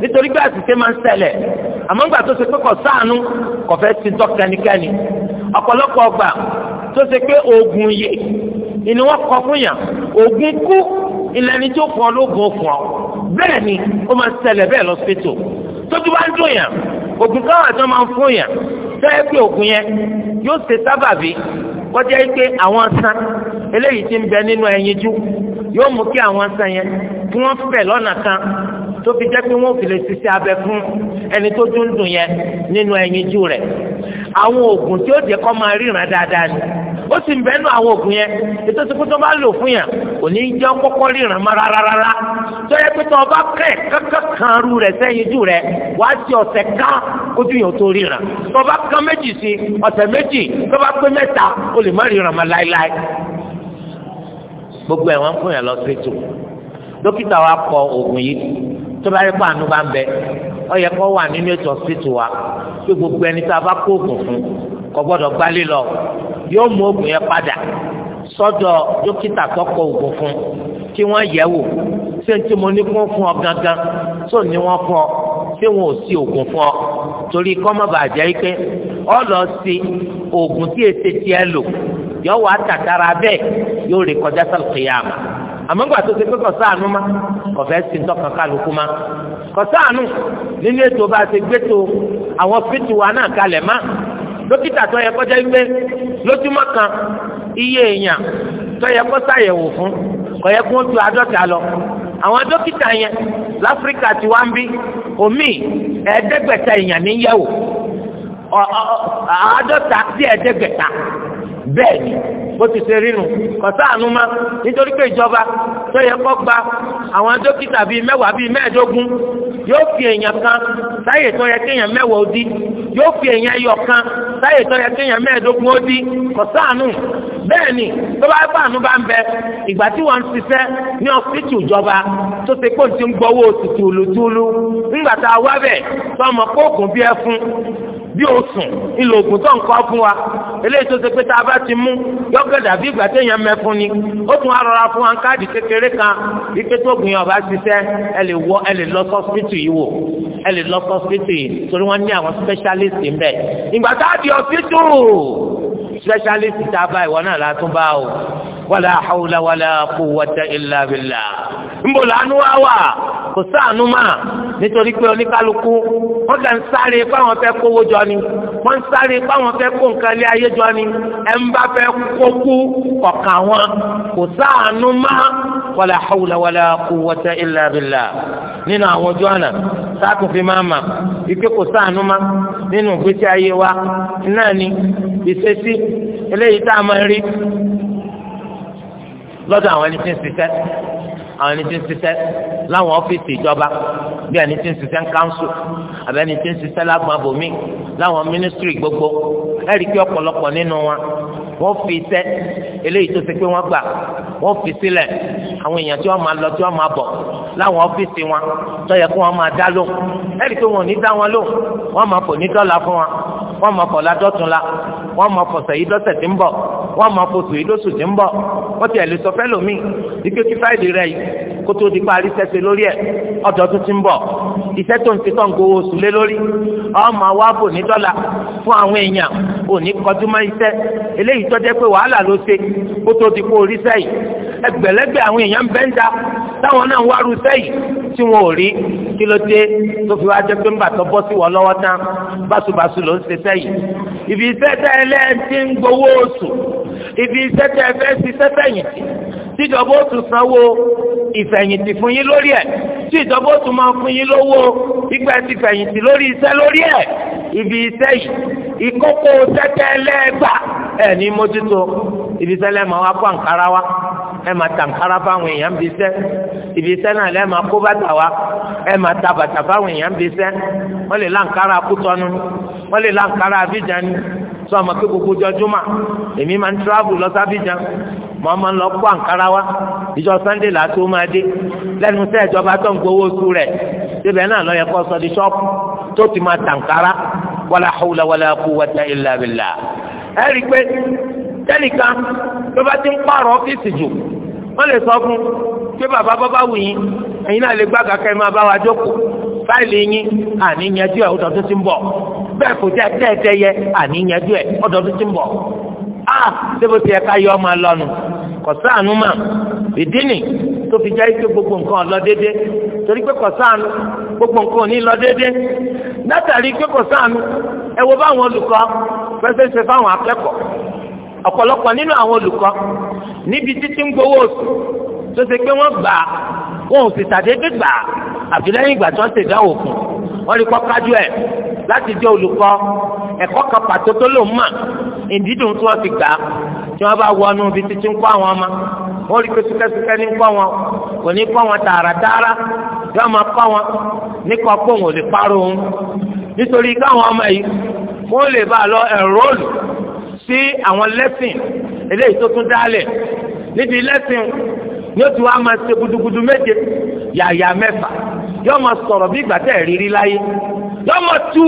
nítorí pé àṣìṣe máa ń ṣẹlẹ̀ àmọ́ ńgbà tó ṣe pé kò sáànù kò fẹ́ ti tọ́ kẹ́nikẹ́ni ọ̀pọ̀lọpọ̀ ọgbà tó ṣe pé oògùn yìí ni wọ́n kọ fún yàn oògùn kú ìlànà tí ó fún ọ lóògùn ó ọ bẹ́ẹ̀ ni ó máa ń ṣẹlẹ̀ bẹ́ẹ̀ lọ́sítò tójú bá ń dùn yàn ògùn àti wọn fún yàn sọ́yẹ́ pé òògùn yẹn yóò ṣe sábàbí kọjá pé àwọn san eléyìí ti ń bẹ nínú ẹyinjú yóò mú kí àwọn san yẹn kí wọ́n fẹ̀ lọ́nà kan tó fi jẹ́ pé wọ́n fi lè ṣiṣẹ́ abẹ fún ẹni tó dún dùn yẹn nínú ẹyinjú rẹ̀ àwọn tí ó jẹ́ máa ríran ni ó sì ń àwọn yẹn ètò ìsìnkú tó bá lò fún yàn kò ní í jẹ́ kọ́kọ́ ríran mọ́ rárára tó yẹ pé tó kan ru rẹ̀ sẹ́yinjú rẹ̀ ọ̀sẹ̀ ká tó kan méjì sí ọ̀sẹ̀ méjì tó bá pé mẹ́ta o lè má rí ìrànmọ́ láéláé gbogbo ẹ̀ wọ́n fún yàn lọ sí ètò dókítà wa kọ oògùn yìí tó bá rí pàánù bá ń bẹ ọ yẹ kó wà nínú ètò ọ̀sìtò wa pé gbogbo ẹni tá a bá kó oògùn fún kò gbọ́dọ̀ gbálé lọ yóò mú oògùn yẹn padà sọ́dọ̀ dókítà tó oògùn fún kí wọ́n yẹ̀ wò ṣé ní tí mo ní kún fún ọ gangan tó ní wọ́n fún ọ ṣé wọn ò sí oògùn fún ọ torí kọ́mọ́bà jẹ́ pé ọ lọ sí oògùn tí èsì tiẹ̀ lò yọ wà tàtàrà bẹ́ẹ̀ yóò rí kọjá sàlùkìyàmà àmọ́ gbà tó ṣe pé kò sáànù ma kò fẹ́ sí ntọ́kàn kálukú ma kò sáànù nínú ètò bá ṣe gbẹ́tò àwọn fíìtì wa náà kalẹ̀ ma dókítà tó yẹ kọjá gbé lójúmọ́ kan iye èèyàn tó yẹ kó ṣàyẹ̀wò fún kọ̀yẹ́ kó ju àádọ́ta lọ àwọn dókítà yẹn láfíríkà tí wá ń bí omi ẹ̀ẹ́dẹ́gbẹ̀ta èèyàn níyẹ̀wò àádọ́ta sí ẹ̀ẹ́dẹ́gbẹ̀ta bẹ́ẹ̀ ni bó ti ṣe rínu kọ̀sáànù ma nítorí pé ìjọba tó yẹ kó gba àwọn dókítà bíi mẹ́wàá bíi mẹ́ẹ̀ẹ́dógún yóò fi èèyàn kan sáyè tó yẹ kéèyàn mẹ́wàá ó di yóò fi èèyàn yọ kan sáyè tó yẹ kéèyàn mẹ́ẹ̀ẹ́dógún ó di kọ̀sáànù bẹ́ẹ̀ ni tó bá bá àánú bá ń bẹ ìgbà tí wọ́n ń ṣiṣẹ́ ní ọ̀sìtì ìjọba tó ṣe pé ti ń gbọ́wọ́ oṣù tùlùtùlù ńgbà tá a wá bẹ̀ tọmọ pé oògùn bí ẹ fún bí o sùn ìlò oògùn tó ń kọ́ fún wa eléyìí tó ṣe pé tá a bá ti mú yọ́gẹ̀dà bí ìgbà téèyàn mẹ́fun ni ó tún á rọra fún wa káàdì kékeré kan wípé tó gbìyànjú ọba ṣiṣẹ́ ẹ lè wọ ẹ lè lọ sọ́sìpìtì yìí wò ẹ lè lọ sọ́sìpìtì yìí torí wọ́n ní àwọn specialist ń bẹ ìgbà tá a di ọ̀sìtù specialist tá a bá ìwọ náà náà la tún bá o wàlà hawla wàlà quwwata illa billah nbọ lànú wa wà kò sáànú mà nítorí pé oníkálukú wọn kàn sáré fáwọn fẹ́ kówó jọ ni wọn sáré fáwọn fẹ́ kó nǹkan lé ayé jọ ni ẹ ń bá fẹ́ kókú ọkàn wọn kò sáànú mà wàlà hawla wàlà quwwata illa billah nínú àwọn ojú ọ̀nà sáàkùn fi máa mà ike kò sáànú ma nínú ìgbésí ayé wa náà ni ìṣesí eléyìí tá a máa rí lọ́dọ̀ àwọn ẹni tí ń ṣiṣẹ́ àwọn ẹni tí ń ṣiṣẹ́ láwọn ọ́fíìsì ìjọba bí ẹni tí ń ṣiṣẹ́ ń káńsù àbí ẹni tí ń ṣiṣẹ́ lágbọn abòmí láwọn mínísítírì gbogbo ẹ̀rí kí ọ̀pọ̀lọpọ̀ nínú wọn wọ́n fi iṣẹ́ eléyìí tó ṣe pé wọ́n gbà wọ́n fi sílẹ̀ àwọn èèyàn tí wọ́n máa lọ tí wọ́n máa bọ̀ láwọn ọ́fíìsì wọn tó yẹ kó wọ́n máa dá lóhùn ẹ̀rí pé wọn ò ní dá wọn lóhùn wọ́n máa fò ní dọ́là fún wọn wọ́n máa fọ̀ ládọ́tún la wọ́n máa fọ̀sẹ̀ yìí dọ́sẹ̀ tí ń bọ̀ wọ́n máa fòṣù yìí lóṣù tí ń bọ̀ wọ́n ti ẹ̀ lè sọ fẹ́ lómi ike kí fáìlì rẹ̀ yìí kótó di parí sẹsẹ lórí ẹ ọjọ́ tó ti ń bọ̀ iṣẹ́ tó ń ti tán gbowó oṣù lé lórí ọmọ wa bò ní dọ́là fún àwọn èèyàn òní kọjú mọ́ iṣẹ́ eléyìí tọjẹ pé wàhálà ló ṣe kótó di kó orí sẹ́yìn ẹgbẹ̀lẹ́gbẹ̀ àwọn èèyàn bẹ ń da táwọn náà wá ru sẹ́yìn tí wọn ò rí kí ló dé tó fi wá jẹ pé ń bàtọ bọ sí wọn lọ́wọ́ tán báṣubàṣu ló ń ṣe sẹ́yìn ibi iṣẹ́ tẹ ẹ lẹ́yìn tí ń gbowó oṣù ibi iṣẹ́ tẹ ẹ fẹ́ ṣiṣẹ́ sẹ́yìn tíjọba ó sanwó ìfẹ́. fẹ̀yìntì fún lórí ẹ̀ tí ìjọba ó tún máa lówó ìgbà lórí iṣẹ́ lórí ẹ̀ ibi iṣẹ́ ìkókó sẹ́tẹ̀lẹ́gbà ẹ̀ ní mójútó ibi iṣẹ́ lẹ́ẹ̀ma wá kó àǹkárá ẹ̀ máa ta àǹkárá fáwọn èèyàn bí iṣẹ́ ibi iṣẹ́ bàtà ẹ̀ máa ta bàtà fáwọn èèyàn bí iṣẹ́ wọ́n lè láǹkárá kútọ́nu wọ́n lè láǹkárá sọ àmọ́ pé gbogbo jọjúmọ́ èmi máa ń travel lọ sábìjan mọ́ máa ń lọ kó àǹkárá wá ìjọ sunday làtó máa dé lẹ́nu sẹ́ ìjọba tó ń gbowó oṣù rẹ̀ síbẹ̀ náà lọ yẹ kó sọ di ṣọ́ọ̀pù tó ti máa tàǹkárá wàlá hawla wàlá quwwata illa billah ẹ rí i pé tẹ́nìkan ló bá ti ń pààrọ̀ ọ́fíìsì jù wọ́n lè sọ fún pé bàbá bọ́ wù yín ẹ̀yin náà lè gbàgà kẹ́ máa bá wa jókòó fáìlì yín àníyànjú ẹ̀ ọ̀dọ̀ tó ti ń bọ̀ bẹ́ẹ̀ kò jẹ́ tẹ́ẹ̀tẹ́ àníyànjú ẹ̀ a débò tí ẹ ká yọ ọmọ lọ́nu kò mà ìdí nì tó fi gbogbo nǹkan lọ déédé torí pé gbogbo nǹkan ò ní lọ déédé látàrí pé ẹ wo báwọn olùkọ́ fáwọn akẹ́kọ̀ọ́ ọ̀pọ̀lọpọ̀ nínú níbi títí ń gbowó oṣù tó ṣe pé wọ́n gbà wọn ò sì ṣàdédé gbà àfi lẹ́yìn ìgbà tí wọ́n ṣèdánwò fún wọ́n rí kọ́ kájú ẹ̀ láti jẹ́ olùkọ́ ẹ̀kọ́ kan pàtó tó lò mọ̀ ìdídùn tí wọ́n ti gbà tí wọ́n bá wọnú ibi títí ń kọ́ àwọn ọmọ wọ́n rí pé súkẹ́súkẹ́ ní kọ́ wọn kò ní kọ́ wọn tààràtààrà yóò máa kọ́ wọn nípa pé òun ò lè parọ́ òun nítorí káwọn ọmọ yìí wọ́n lè bá a lọ ẹ̀rọ́ọ̀lù sí àwọn lẹ́sìn eléyìí tó tún dálẹ̀ níbi lẹ́sìn ni ó ti wá máa ṣe gudugudu méje yàyà mẹ́fà yóò máa sọ̀rọ̀ bí ìgbà tẹ̀ rírí láyé yóò mọ̀ tu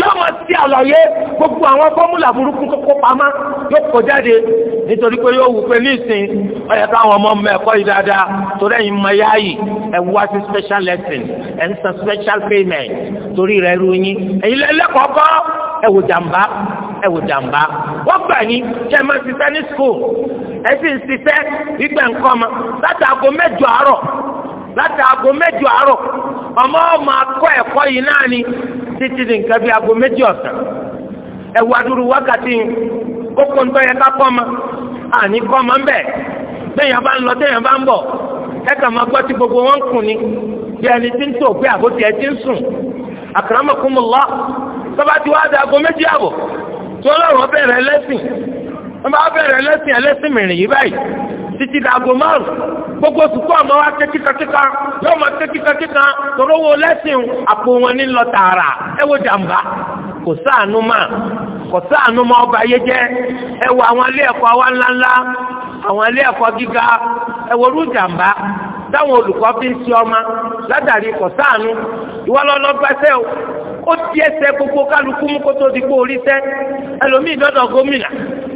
yóò mọ̀ sí àlàyé gbogbo àwọn fọ́múlà burúkú kókó pamọ́ yóò kó jáde nítorí pé yóò wù pé ní ìsìn ọ̀yẹ̀ káwọn ọmọ ọmọ ẹ̀kọ́ yìí dáadáa torí ẹ̀yin mọ ẹ̀yà yìí ẹ̀ wá sí special lesson ẹ̀ ń san special payment torí rẹ̀ ru yín ẹ̀yin lẹ́lẹ́kọ̀ọ́ kọ́ ẹ̀ wò jàǹbá ẹ̀ wò jàǹbá wọ́n gbà yín kẹ́ ẹ máa ṣiṣẹ́ ní school ẹ sì ń ṣiṣẹ́ gbígbẹ̀ nǹkan ọmọ láti aago mẹ́jọ àárọ̀ láti aago mẹ́jọ àárọ̀ ọmọ ọmọ akọ ẹ̀kọ́ yìí náà ni títí di nǹkan bí aago méjì ọ̀sán ẹ̀wù adúrú wákàtí kókó ńtọ́ yẹ ká kọ́ ma àní kọ́ ma ń bẹ̀ téèyàn bá ń lọ téèyàn bá ń gbogbo wọn ni bí ẹni tí ń pé ẹ ti ń sùn tọ́ba ti di aago méjì tí bẹ̀rẹ̀ lẹ́sìn títí dàgò márùn gbogbo sùkú ọmọ wa ké kíkankíkan yóò máa ké kíkankíkan wo lẹ́sìn wọn ní lọ tààrà ẹ wo jàǹbá kò sáànú mà kò mà ọba yé jẹ ẹ wo àwọn ilé wa ńláńlá àwọn ilé gíga ẹ wo rú jàǹbá olùkọ́ fi ń ṣe ọmọ kò gbogbo kálukú mú kótó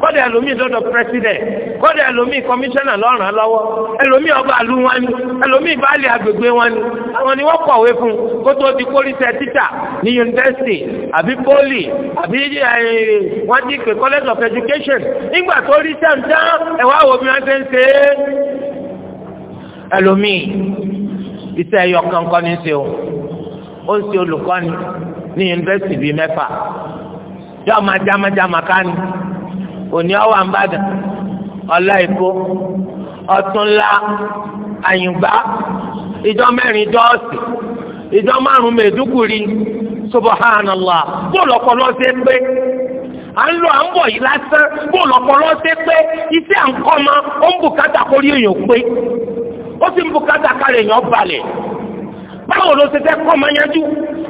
kọ́dà ẹlòmíì dọ́dọ̀ pírẹsidẹ̀nt kọ́dà ẹlòmíì kọmíṣánná lọ́ràn lọ́wọ́ ẹlòmíì ọba àlú wọn ni ẹlòmíì baálé agbègbè wọn ni àwọn ni wọ́n kọ̀wé fún kó tó di pólísẹ̀ títà ní yunifásitì àbí pólì àbí eh, wọ́n ti pè college of education nígbà tó rí sẹ́ǹtán ẹ̀wá wo bí wọ́n ṣe ń ṣe é ẹlòmíì iṣẹ́ ẹ̀yọ kankan ní ṣe o ó ń ṣe olùkọ́ni ní yunifásitì bíi mẹ́fà yọ ọmọ ajámajáma ká ni. òní ọwà ń bàdàn ọ̀la èkó àyìnbá ìjọ mẹ́rin dọ́ọ̀sì ìjọ márùn mẹ́ẹ̀dúgùrì subahánàlá bóòlù ṣe pé à ń lọ à ń bọ̀ yìí lásán bóòlù ṣe pé iṣẹ́ à ń ó ń bùkátà kórí báwo ló ṣe fẹ́ kọ́ máa yanjú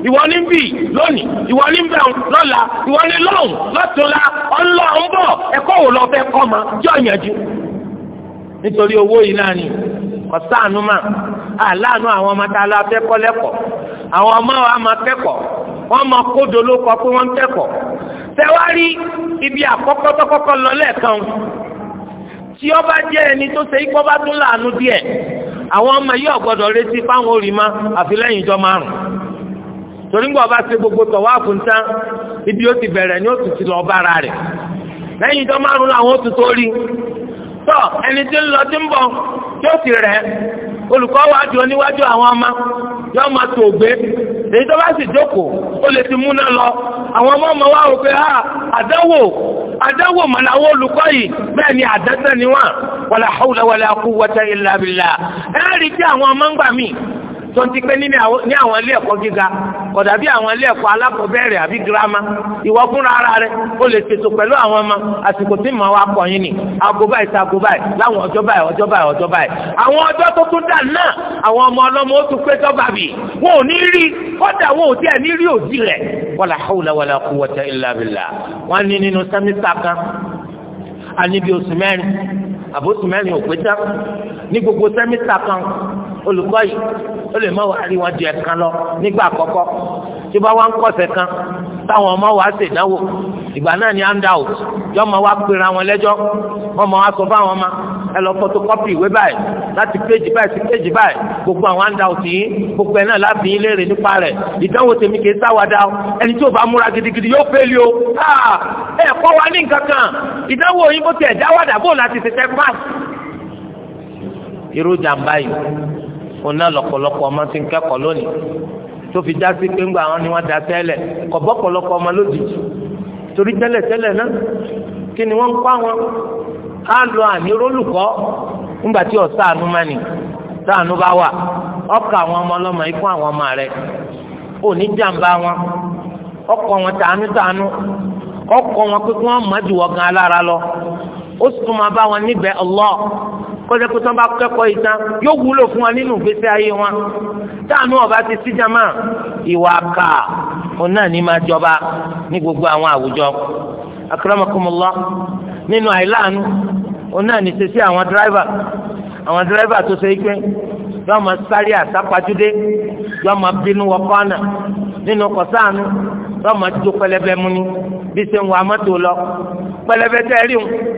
ìwọ ní bì lónìí ìwọ ní bẹ̀ lọ́la ìwọ ní lọ́hùn lọ́túnla ọ̀nlọ́ ń bọ̀ ẹ̀kọ́ wo lọ fẹ́ kọ́ máa jọ yanjú. nítorí owó yìí náà ni ọ̀sánù mà aláàánú àwọn ọmọ tá a lọ fẹ́ kọ́ lẹ́kọ̀ọ́ àwọn ọmọ wa máa kẹ́kọ̀ọ́ wọ́n máa kódo ló pé wọ́n ń kẹ́kọ̀ọ́ tẹ́wárí ibi àkọ́kọ́ lọ lẹ́ẹ̀kan tí ó bá jẹ́ ẹni tó ṣe ikọ́ bá tún láàánú díẹ̀ àwọn ọmọ yìí ọ̀gbọ́dọ̀ retí fáwọn olùmọ àfi lẹ́yìn ìjọ márùn torí ńgbà ọba ṣe gbogbo tọ̀wá àfúntán ibi ó ti bẹ̀rẹ̀ ni ó ti ti lọ bára rẹ̀ lẹ́yìn ìjọ márùn làwọn ó ti tó rí tọ́ ẹni tí ń lọ tí ń bọ̀ tí ó ti rẹ̀ olùkọ́ wa di oníwájú àwọn ọmọ yóò máa tó gbé èyí tó bá sì jókòó ó lè ti múná lọ àwọn ọmọ ọmọ wa rò pé a àdánwò àdánwò màláwó olùkọ́ yìí bẹ́ẹ̀ ni àdánwò ni wọ́n wàlà hàwùlà wàlà kú wọ́tẹ́ ìlàbìlà tí àwọn ọmọ ń gbà míì tó ń ti pé ní àwọn ilé ẹ̀kọ́ gíga kódà bí àwọn ilé ẹ̀kọ́ alákọ̀ọ́bẹ̀rẹ̀ àbí girama ìwọ fúnra ara rẹ o lè ṣètò pẹ̀lú àwọn ọmọ àsìkò tí màá wá pọ̀ yín ni aago báyìí sí aago báyìí láwọn ọjọ́ báyìí ọjọ́ báyìí ọjọ́ báyìí àwọn ọjọ́ tó tún dà náà àwọn ọmọ ọlọ́mọ ó tún pé tọ́ba bì wọn ò ní rí kódà wọn ò tiẹ̀ ní rí òdì rẹ̀ wàlà hàwùlà wàlà quwwata illa billah wọn ní nínú sẹ́mísà kan àníbi oṣù mẹ́rin àbóṣù mẹ́rin ò pé tán ní gbogbo sẹ́mísà ó lè má wá rí wọn ju ẹ̀kan lọ nígbà àkọ́kọ́ tí bá wá ń kọ̀sẹ̀ kan táwọn ọmọ wa ṣèdánwò ìgbà náà ni handout yọmọ wa pera wọn lẹ́jọ́ wọn mọ wa sọ fáwọn ọmọ ẹ lọ photocopy ìwé báyìí láti péjì báyìí sí péjì báyìí gbogbo àwọn handout yìí gbogbo ẹ náà láti yín léèrè nípa rẹ̀ ìdánwò tèmi kì í sáwádà ẹni tí ò bá múra gidigidi yóò fẹ́lẹ̀ o ẹ kọ́ wa ní nǹkan kan ìdánwò yín bó ti ẹ̀ jáwádà bó láti ṣe tẹ́ fún wa. irú jàǹbá yìí òun náà ọmọ ti ń kẹ́kọ̀ọ́ lónìí tó fi dá sí pé ńgbà wọn ni wọ́n da tẹ́lẹ̀ kọ̀ bọ́pọ̀lọpọ̀ ọmọ lójijì torí tẹ́lẹ̀ tẹ́lẹ̀ náà kí ni wọ́n ń kọ́ àwọn á lọ àní rólùkọ́ ńgbà tí ọ̀ sáànú má nì sáànú bá wà ọkọ̀ àwọn ó sì tún máa bá wọn níbẹ̀ Allah kọjá pé tí wọn bá kẹ́kọ̀ọ́ yìí tán yóò wúlò fún wa nínú ìgbésí ayé wọn táànù ọba ti síjàmá ìwà àkà òun náà ní máa jọba ní gbogbo àwọn àwùjọ akramakumullah nínú àìláàánú òun náà ní sẹsẹ àwọn dírẹ́fà àwọn dírẹ́fà tó ṣe é pé yọọ máa sáré àsápajúdé yọọ máa bínú wọ kọ́nà nínú kọ̀sáànù yọọ máa jó pẹlẹbẹ mú ni bí ṣe ń wọ amọ́tò lọ pẹlẹbẹ tẹ́ rí wọn.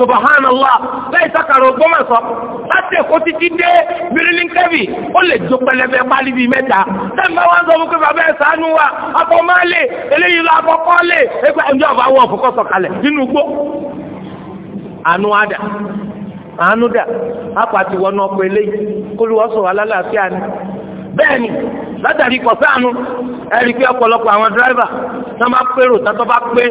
subhanallah láì sákàrà Ògbómọ̀ṣọ́ láti Èkó títí dé Birnin Kebbi ó lè jó pẹlẹbẹ pálí bíi mẹ́ta sẹ́ńbà wọn sọ fún bàbá ẹ̀ sànú wa àfọmọ́lẹ̀ eléyìí lọ àfọkọ́lẹ̀ ẹgbẹ́ ẹ̀jọ̀ bá wọ̀ fún kọ́sọ̀kalẹ̀ nínú gbó àánú àdà àánú dà alálàáfíà ni látàrí pé àwọn bá pérò bá pé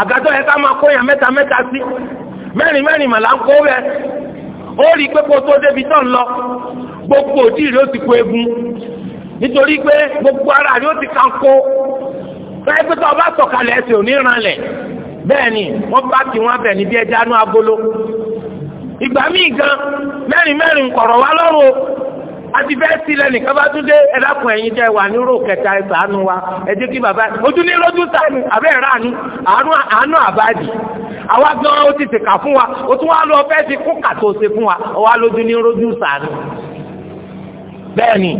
àgàtọ̀ yẹ ká máa kó yàn mẹ́ta mẹ́ta sí mẹ́rin mẹ́rin mà là ń kó bẹ́ ó rí i pé kó tó débi tán lọ gbogbo òdì rẹ̀ ó ti kó egun nítorí pé gbogbo ara rẹ̀ ó ti kàn kó báyìí pé tó o bá sọ̀kalẹ̀ ẹsẹ̀ ò ní ranlẹ̀ bẹ́ẹ̀ ni wọ́n bá ti bẹ̀ níbi ẹja agolo ìgbà míì gan mẹ́rin mẹ́rin kọ̀rọ̀ wá lọ́rùn àti fẹ́ sílẹ̀ nìkan bá tún dé ẹ̀dàkùn ẹ̀yin jẹ́ wà nírò kẹta ẹ̀ wa ẹ kí bàbá ojú ní lójú sànù àbẹ́ ẹ̀rọ àánú àánú àbájì àwa gan ó ti ṣèkà fún wa ó tún wá lọ fẹ́ ti kún kàtó ṣe fún wa ó wá lójú ní lójú sànù. ni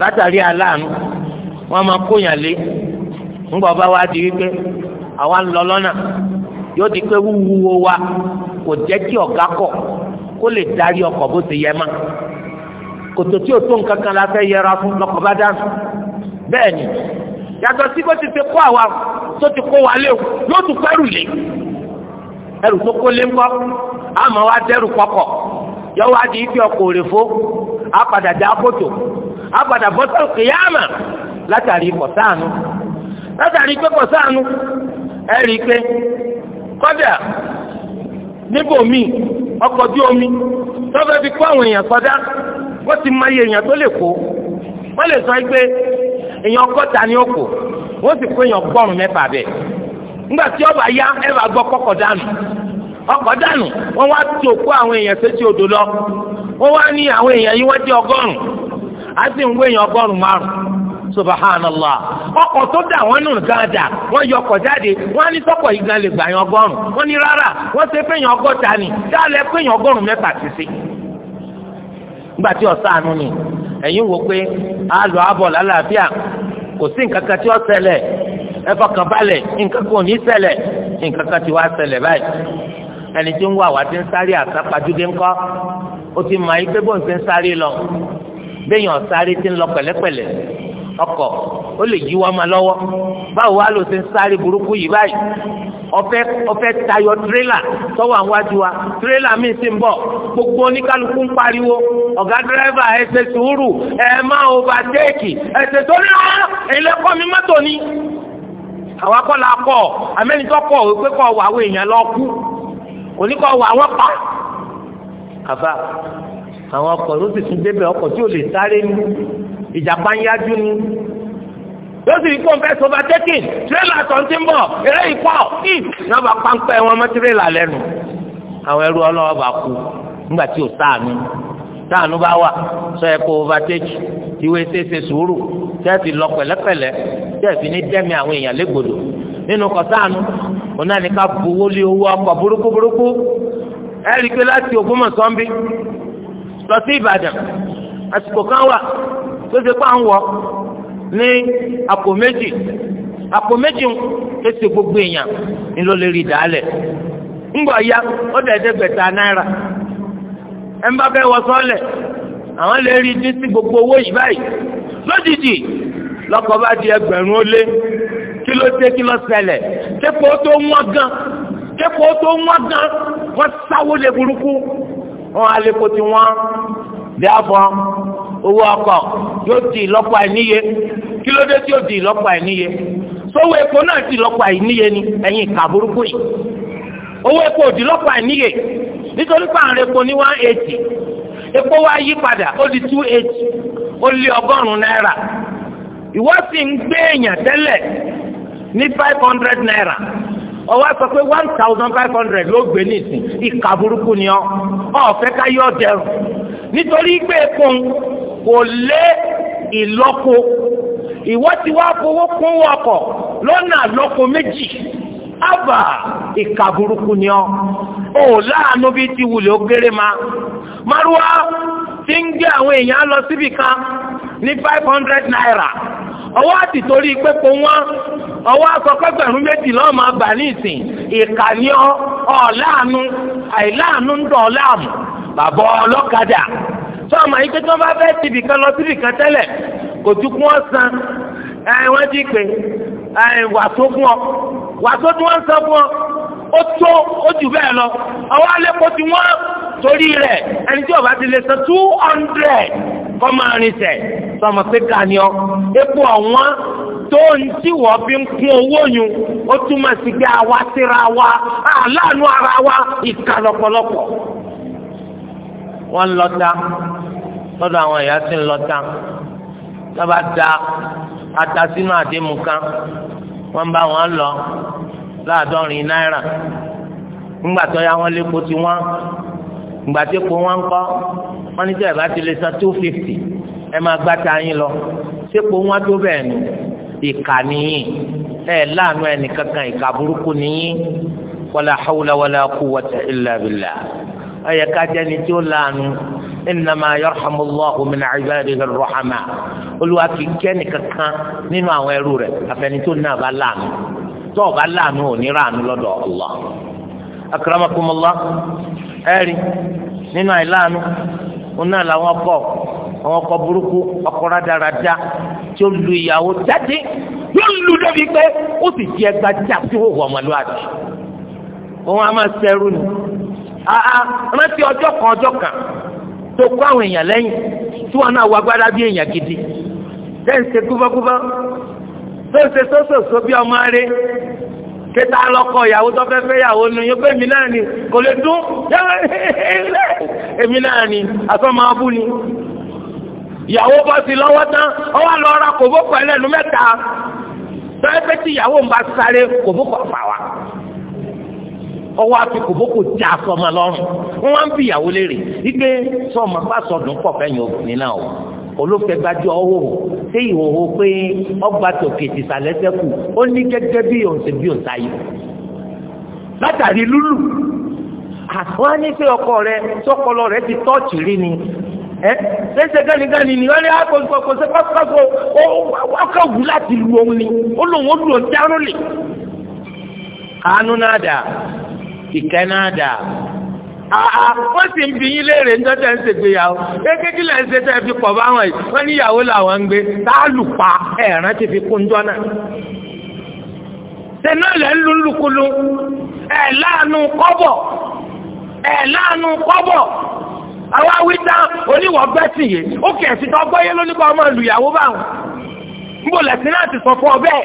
látàrí aláàánú wọ́n máa kóyàn lé ńgbà ọba wa di wípé àwa ń lọ lọ́nà yóò di pé wúwo wa kò jẹ́ kí ọ̀gá kọ̀ kó lè darí ọkọ̀ bó ti yẹ kòtò tí o tó nǹkan kan la fẹ́ yẹra fún lọ́kọ̀ bá dànù bẹ́ẹ̀ ni yàtọ̀ sí bó ti fi kó àwa tó ti kó wa lé o yóò tún pẹ́rù lé ẹrù tó kó lé ńkọ́ àmọ́ wa dẹ́rù kọ́kọ́ yọ wá di ibi ọkọ̀ òrèfó apàdà dá kótó apàdà bọ́sẹ̀ kìyàmà látàrí kọ̀sáànù látàrí pé kọ̀sáànù ẹ̀rí pé kọ́dà níbòmíì ọkọ̀ ojú omi tọ́fẹ́ fi kó àwọn èèyàn sọdá. wọ́n ti ma yẹ èèyàn tó lè kó wọ́n lè sọ pé èèyàn ọgọ́ta ni ó wọ́n sì kó èèyàn mẹ́fà bẹ́ẹ̀ nígbà tí ọba ya ẹ bá gbọ́ kọ́kọ́ dànù ọkọ̀ dànù wọ́n wá tó kó àwọn èèyàn wọ́n wá ní àwọn èèyàn yìí wọ́n jẹ́ ọgọ́rùn á sì ń ọkọ̀ tó dà wọ́n nù gàdà yọ nígbà tí ọ̀sán àánú ni ẹ̀yin wò pé a lọ abọ̀ lálàáfíà kò sí nǹkan kan tí ó ṣẹlẹ̀ ẹ fọkàn balẹ̀ nǹkan kan ò ní ṣẹlẹ̀ nǹkan kan tí wàá ṣẹlẹ̀ báyìí ẹni tí ń wà wá ti ń sáré àsápajúdé ńkọ́ ó ti mọ ayé pé bóun ti ń sáré lọ béèyàn sáré ti ń lọ pẹ̀lẹ́pẹ̀lẹ́ ọkọ̀ ó lè yí wa ma lọ́wọ́ báwo wá ló ti ń sáré burúkú yìí báyìí ọfẹ ọfẹ tayọ tirẹla tọwọ àwọn wájú wa tirẹla mi ti ń bọ̀ gbogbo oníkálukú ń pariwo ọ̀gá dírẹ́fà ẹ ṣe sùúrù ẹ má overtake ẹ ṣe tó ní ọ ẹlẹkọ mi mọ́tò ni àwa kọ́ la kọ́ amẹ́nitọ́ kọ́ ò pé kọ́ wà àwọn èèyàn lọ kú oníkọ́ wà wọ́n pa. àbá àwọn ọkọ̀ ló sì tún débẹ̀ ọkọ̀ tí ò lè sáré ní ìjàpá ń yájú ni yóò sì kó fẹ́ sọ́ba tẹ́kì tírélà tó ń ti ń bọ̀ eré ìpọ̀ kí ní ọba páńpẹ́ wọn mọ́ tírélà lẹ́nu àwọn ẹrú ọlọ́wọ́ bá kú nígbà tí ò sáànù sáànù bá wà sọ ẹ kó overtake ìwé ṣeéṣe sùúrù tẹ́ẹ̀sì lọ pẹ̀lẹ́pẹ̀lẹ́ tẹ́ẹ̀sì ní dẹ́mi àwọn èèyàn légbodò nínú kọ sáànù òun náà ní ká buwó lé owó ọkọ̀ burúkú burúkú ẹ̀rí pé láti lọ sí Ìbàdàn àsìkò kan wà tó ṣe pé à ń wọ ní àpò méjì àpò méjì ń pèsè gbogbo èèyàn ní ló lè rí dàálẹ̀ ńgbọ̀ ya ó dẹ̀ẹ́dẹ́gbẹ̀ta náírà ẹ̀ ń bá bẹ́ẹ̀ wọ sọ́ọ̀lẹ̀ àwọn lè rí dín sí gbogbo owó yìí báyìí lójijì lọ́kọ̀ bá di ẹgbẹ̀rún ó lé kí ló dé kí ló ṣẹlẹ̀ képo tó wọ́n gan képo tó wọ́n gan wọ́n sáwó lè burúkú wọ́n á kó ti wọ́n therefore owó ọkọ yóò di ìlọ́po àìníye kílódé tí yóò di ìlọ́po àìníye sówó epo náà di ìlọ́po àìníye ni ẹ̀yin ìka burúkú yìí owó epo di ìlọ́po àìníye nítorí pé àwọn epo ní one eighty epo wa yí padà ó di two eighty ó lé ọgọ́rùn-ún náírà ń gbé èèyàn naira ọwọ́ sọ pé one thousand five hundred ló gbé nìsín ìka burúkú ni ọ ọ̀fẹ́ ká yọ dẹrù nítorí pé kún kò lé ìlọ́po ìwọ ti wá fowó kún ọkọ̀ lọ́nà lọ́po méjì ábà ìka burúkú ni ọ ò láàánú bí ti wulẹ̀ ó kéré ma márùwá ti ń gbé àwọn èèyàn lọ síbi ní five hundred naira. ọwọ́ àti torí pépò wọn ọwọ́ akọkọgbẹ̀rún méjì lọ́ọ́ máa bà ní ìsìn ìkànnì ọ̀ọ́láàánú àìláàánú ń dọ̀ bàbá ọlọ́kadà tó àmọ́ yìí pé tí wọ́n bá kan lọ síbì tẹ́lẹ̀ san wọ́n ti pè wàásù san fún ó tó ó jù bẹ́ẹ̀ lọ àwọn alẹ́kọ̀ọ́ ti wọ́n torí rẹ̀ ẹni tí ọba ti lè san two hundred kọ́ máa rin sẹ̀ sọmọ pé kàní ọ epo ọ̀wọ́n tó ń tí wọ́n fi ń kún owó yun ó túmọ̀ sí pé àwa síra wa àláàánú ara wa ìka lọ́pọ̀lọpọ̀ wọ́n lọ ta lọ́dọ̀ àwọn ìyá sí ń lọ ta lọ́ba da ata sínú àdéhùn kan wọ́n bá wọn lọ láàdọ́rin náírà ńgbà tó yá wọn lépo tí wọ́n ńgbà tí epo wọn ń kọ́ wọ́n ní sẹ́yìn bá ti lè san two fifty ẹ máa gbá ta yín lọ sépo wọn tó bẹ́ẹ̀ nù ìkà nìyín ẹ láàánú ẹnì kankan ìkà burúkú nìyín wala hawla wala quwwata illa billah ẹ yẹ ká jẹ́ni tí ó láàánú innama yarhamu allahu min ibadihi arrahama nìkankan nínú àwọn ẹrú rẹ̀ àfẹnitó náà bá láàánú tó o bá láàánú ò ráàánú lọ́dọ̀ Allah akramakumullah ẹ̀rí nínú àìláàánú òun làwọn ọkọ àwọn ọkọ burúkú ọkọ rádaràda tí ó lu ìyàwó jáde yóò lu débi pé ó sì di ẹgba já sí òwò ọmọlúwàbí òun á máa ni àá rántí kan kan tó àwọn èèyàn tí wọn náà wọ agbára èèyàn gidi ṣe tó ṣe sóṣòṣò bí ọmọ rẹ kíta lọkọ ìyàwó tó fẹ́ fẹ́ ìyàwó nu yóò pé èmi náà ni kò lè dún èmi náà ni àtọ́mọ abú ni ìyàwó bá sí lọ́wọ́ tán ọwọ́ lọ ra kòbó pẹ̀lú ẹnu mẹ́ta tọ́lẹ́ pé tí ìyàwó ń bá sáré kòbó kò fà wá ọwọ́ àti kòbó kò já sọmọ lọ́rùn wọ́n á ń fi ìyàwó léèrè wípé sọmọ bá sọdún pọ̀ fẹ́yìn obìnrin náà o olófẹ́ gbájọ́ ọ̀hún ṣé ìhòòhò pé ọgbà tòkè tìsàlẹ̀ sẹ́kù ó ní gẹ́gẹ́ bí òǹṣe bí òǹṣà yìí látàrí lúlù àwọn á ní pé ọkọ rẹ sọkọlọ rẹ ti tọ́ọ̀tì rí ni ẹ lẹ́sẹ̀ gánigánni ni wọ́n ní akọ̀kọ̀ sẹ́kọ̀kọ̀ ọkọ̀ wù láti lu òun ni ó lòun ó lù ọ́n dárò lè àánú náà dà ìkẹ́ náà dà Ah, ah, wọ́n sì ń bi yín léèrè ńjọ́ tẹ́ ń ṣègbéyàwó kéèké kí lẹ́ ń ṣe tẹ́ fi pọ̀ báwọn yìí wọ́n ní ìyàwó làwọn ń gbé táàlù pa ẹ̀rán ti fi kúnjọ́ náà. sẹ́nà lẹ́ ń lu lukulu ẹ̀ láàánú kọ́bọ̀ ẹ̀ láàánú kọ́bọ̀ àwa wí tán oníwọ̀ gbẹ́sìn yìí ó kẹ̀ sí tọ́gbọ́yé lóníkọ́ ọmọ ìlú ìyàwó báwọn. ń bò lẹ́sìn náà sọ fún ọ bẹ́ẹ̀.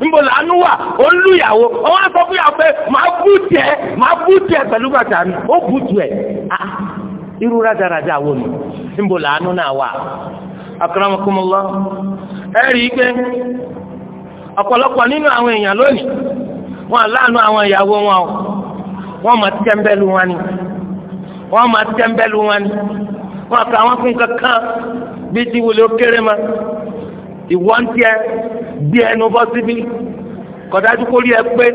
níbo làánú wà ó ń lùyàwó ó wá sọ fún yàwó pé màá bùtù ẹ màá bùtù ẹ pẹ̀lú bàtà mi ó ẹ ah, irú rádaràdà wo ni níbo làánú náà wà. akramakumullah ẹ rí i pé ọ̀pọ̀lọpọ̀ nínú àwọn èèyàn lónìí wọn láàánú àwọn ìyàwó wọn o wọn máa wọn ni wọn máa tẹ́ńbẹ́lú wọn ni wọn kà wọn fún ma ìwọ ń tiẹ̀ gbé ẹnu bọ́ síbí kọ̀dájú kórí ẹ pé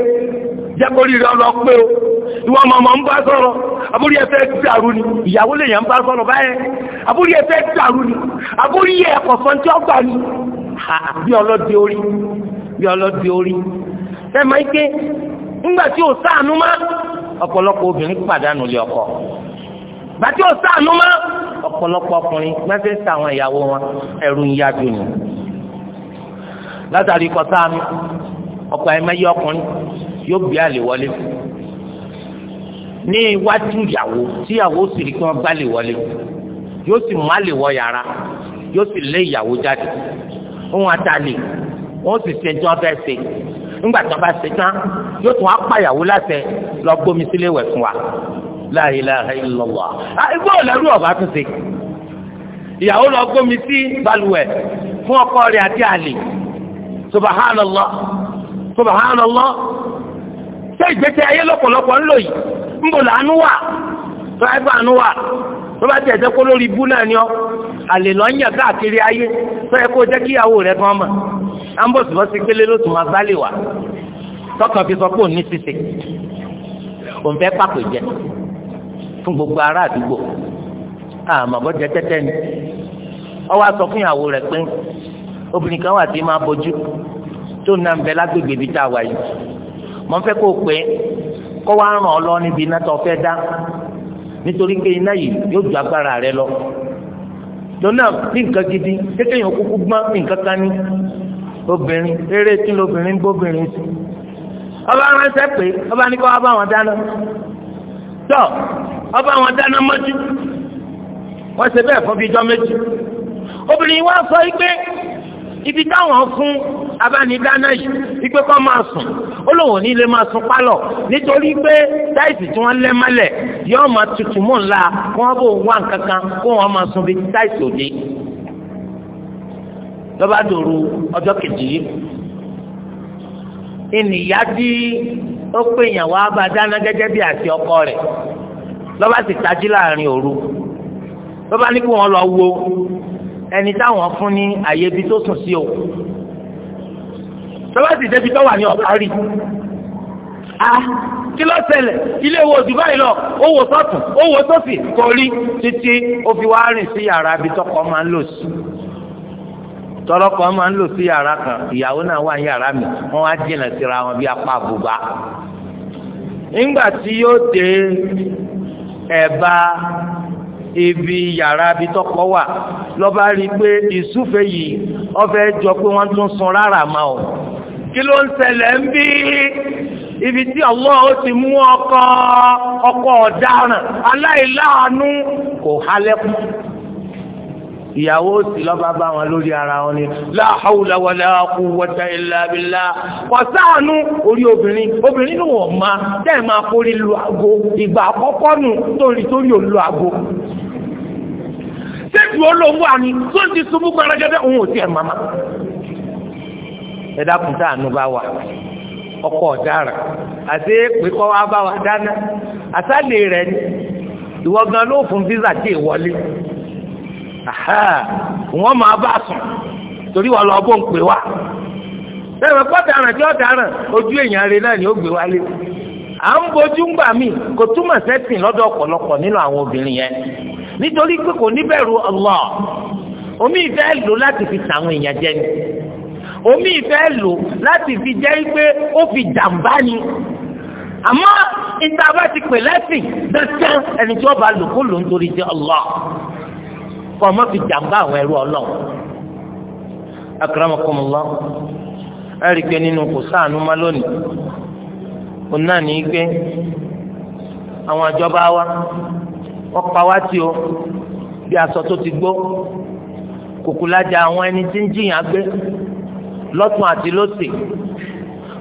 jẹ́ kórí rẹ lọ pé o ìwọ mọ̀mọ́ ń bá sọ̀rọ̀ àbúrí ẹ fẹ́ dàrú ni ìyàwó lè yàn ń bá sọ̀rọ̀ báyẹn àbúrí ẹ fẹ́ dàrú ni àbúrí ẹ kọ̀sán tí ó gbà ni bí ọlọ́dẹ orí bí ọlọ́dẹ orí ẹ máa ń ké ńgbà tí ò sáànú má ọ̀pọ̀lọpọ̀ obìnrin pàdánù lé ọkọ gbà tí ò sáànú má ọ̀pọ̀lọpọ̀ ọkùnrin gbẹ́sẹ̀ sáwọn ìyàwó wọn ẹ̀rù ń yá dùn ni látàrí kọsáànù ọkọ̀ ẹ̀ mẹ́yẹ ọkùnrin yóò bí àlè wọlé ní iwájú ìyàwó tíyàwó sì rí kí wọ́n bá lè wọlé yóò sì má lè wọ yàrá yóò sì lé ìyàwó jáde òun àtàlè wọ́n sì ṣe tí wọ́n fẹ́ ṣe ńgbà tí wọ́n bá ṣe tán yóò tún apáyàwó láṣẹ lọ gbómi sílé wẹ̀ fún wa la ilaha illallah igbó ìlẹ́rú ọ̀bá tún ṣe ìyàwó lọ gbómi sí balùwẹ̀ fún ọkọ rẹ̀ àti àlè subahánàlá ṣe ṣé ìgbésẹ̀ ayé lọ́pọ̀lọpọ̀ ń lò yìí ń bò lánú wà tíráìbà ń wà tó bá tẹ̀ lórí ibú náà ni ọ́ àlè ń yàn káàkiri ayé fẹ́ kó jẹ́ kíyàwó rẹ̀ kan mọ̀ sí ló fún gbogbo ará àdúgbò àmọ́ bọ́ jẹ tẹ́tẹ́ ni fún ìyàwó rẹ̀ pé obìnrin kan wà tí máa bójú tó nà ń bẹ lágbègbè bíi tá a wà yìí mo fẹ́ kó o pé kó wá ràn ọ́ lọ níbi iná tó fẹ́ dá nítorí pé iná yìí yóò ju agbára rẹ lọ lọ́nà bí nǹkan gidi kékeré yẹn kúkú gbọ́n nǹkan kan ní obìnrin eré tí lóbìnrin gbóbìnrin sí ọba ránṣẹ́ pé ọba ní kó wá bá wọn dáná tọ́ ọba wọn dáná mọ́jú wọ́n ṣe bẹ́ẹ̀ fún bíi jọ́ méjì obìnrin wa sọ yìí pé ibi táwọn fún abánidáná yìí wípé kọ́ máa sùn ó lòun ò ní lè máa sùn pálọ̀ nítorí pé táìsì tí wọ́n lẹ́ mọ́lẹ̀ yóò máa tutù mọ́ ńlá kó wọ́n bò wá nǹkan kan kó wọ́n máa sùn bí táìsì òde lọ́ba dòru ọjọ́ kejì yìí ènìyàn dí ó pè yàn wá bá dáná gẹ́gẹ́ bí àti ọkọ rẹ̀ lọ́ba sì tají láàrin òru lọ́ba ní kí wọ́n lọ wo ẹni táwọn fún ní àyè ibi tó sùn sí o tọ́wọ́ sì débi tọ́wà ní ọ̀ká rí a kí ló ṣẹlẹ̀ ilé wo Dubai lọ ó wò sọ́tún ó wò sọ́sì kò rí títí ó fi wá rìn sí yàrá ibi tọkọ máa ń lò sí tọlọkọ máa ń lò sí yàrá kan ìyàwó náà wà ní yàrá mi wọn wá jìnnà síra wọn bí apá àbùbá nígbà tí yóò dé ẹ̀bá ibi yàrá ibi tọ́kọ wà lọ́ba rí i pé ìsúfẹ́ yìí ọbẹ̀ jọ pé wọ́n tún sun rárá ma o kí ló ń ṣẹlẹ̀ ń bí ibi tí Allah ó ti mú ọkọ ọkọ ọ̀daràn aláìláàánú kò hálẹ́kùn ìyàwó sì lọ́ba bá wọn lórí ara wọn ni la hawla wala quwwata illa billah kò sáànù orí obìnrin obìnrin ni wọ́n máa dẹ́ẹ̀ máa forí lu aago ìgbà àkọ́kọ́ nù torí torí òlu aago sẹ́ẹ̀tì olóńgbò àní tó ti ṣubú gbọ́dọ̀gẹ́dẹ́ òun ò tiẹ̀ mama ẹ dákun sáànù bá wà ọkọ ọ̀daràn àti èpè kọ́ wa bá wa dáná àtàlè rẹ̀ ìwọ gan ló fún fíìsà tí ì wọlé. wọ́n máa bá sùn torí wọ́n lọ bó ń pè wá lẹ́yìn pọ́tà àrùn tí ọ̀tà àrùn ojú èèyàn rẹ náà ni ó gbé wálé à ń bojú ń mí kò túmọ̀ sẹ́sìn lọ́dọ̀ ọ̀pọ̀lọpọ̀ nínú àwọn obìnrin yẹn nítorí pé kò níbẹ̀rù Allah omi ìfẹ́ lò láti fi tàwọn èèyàn jẹ ni omi ìfẹ́ lò láti fi jẹ́ pé ó fi jàǹbá ni àmọ́ ìta bá ti pè lẹ́sìn dandan ẹni tí wọ́n bá lò kó lò torí jẹ́ Allah kọ́ ọ má fi jàǹbá àwọn ẹrú ọlọ́run akramakumullah ẹ̀rí pé nínú kò sáànù má lónìí òun náà ní í pé àwọn àjọba wa wọ́n pa wá tí o bí aṣọ tó ti gbó kòkòlájà àwọn ẹni tí ń jìyàn gbé lọ́tún àti lósì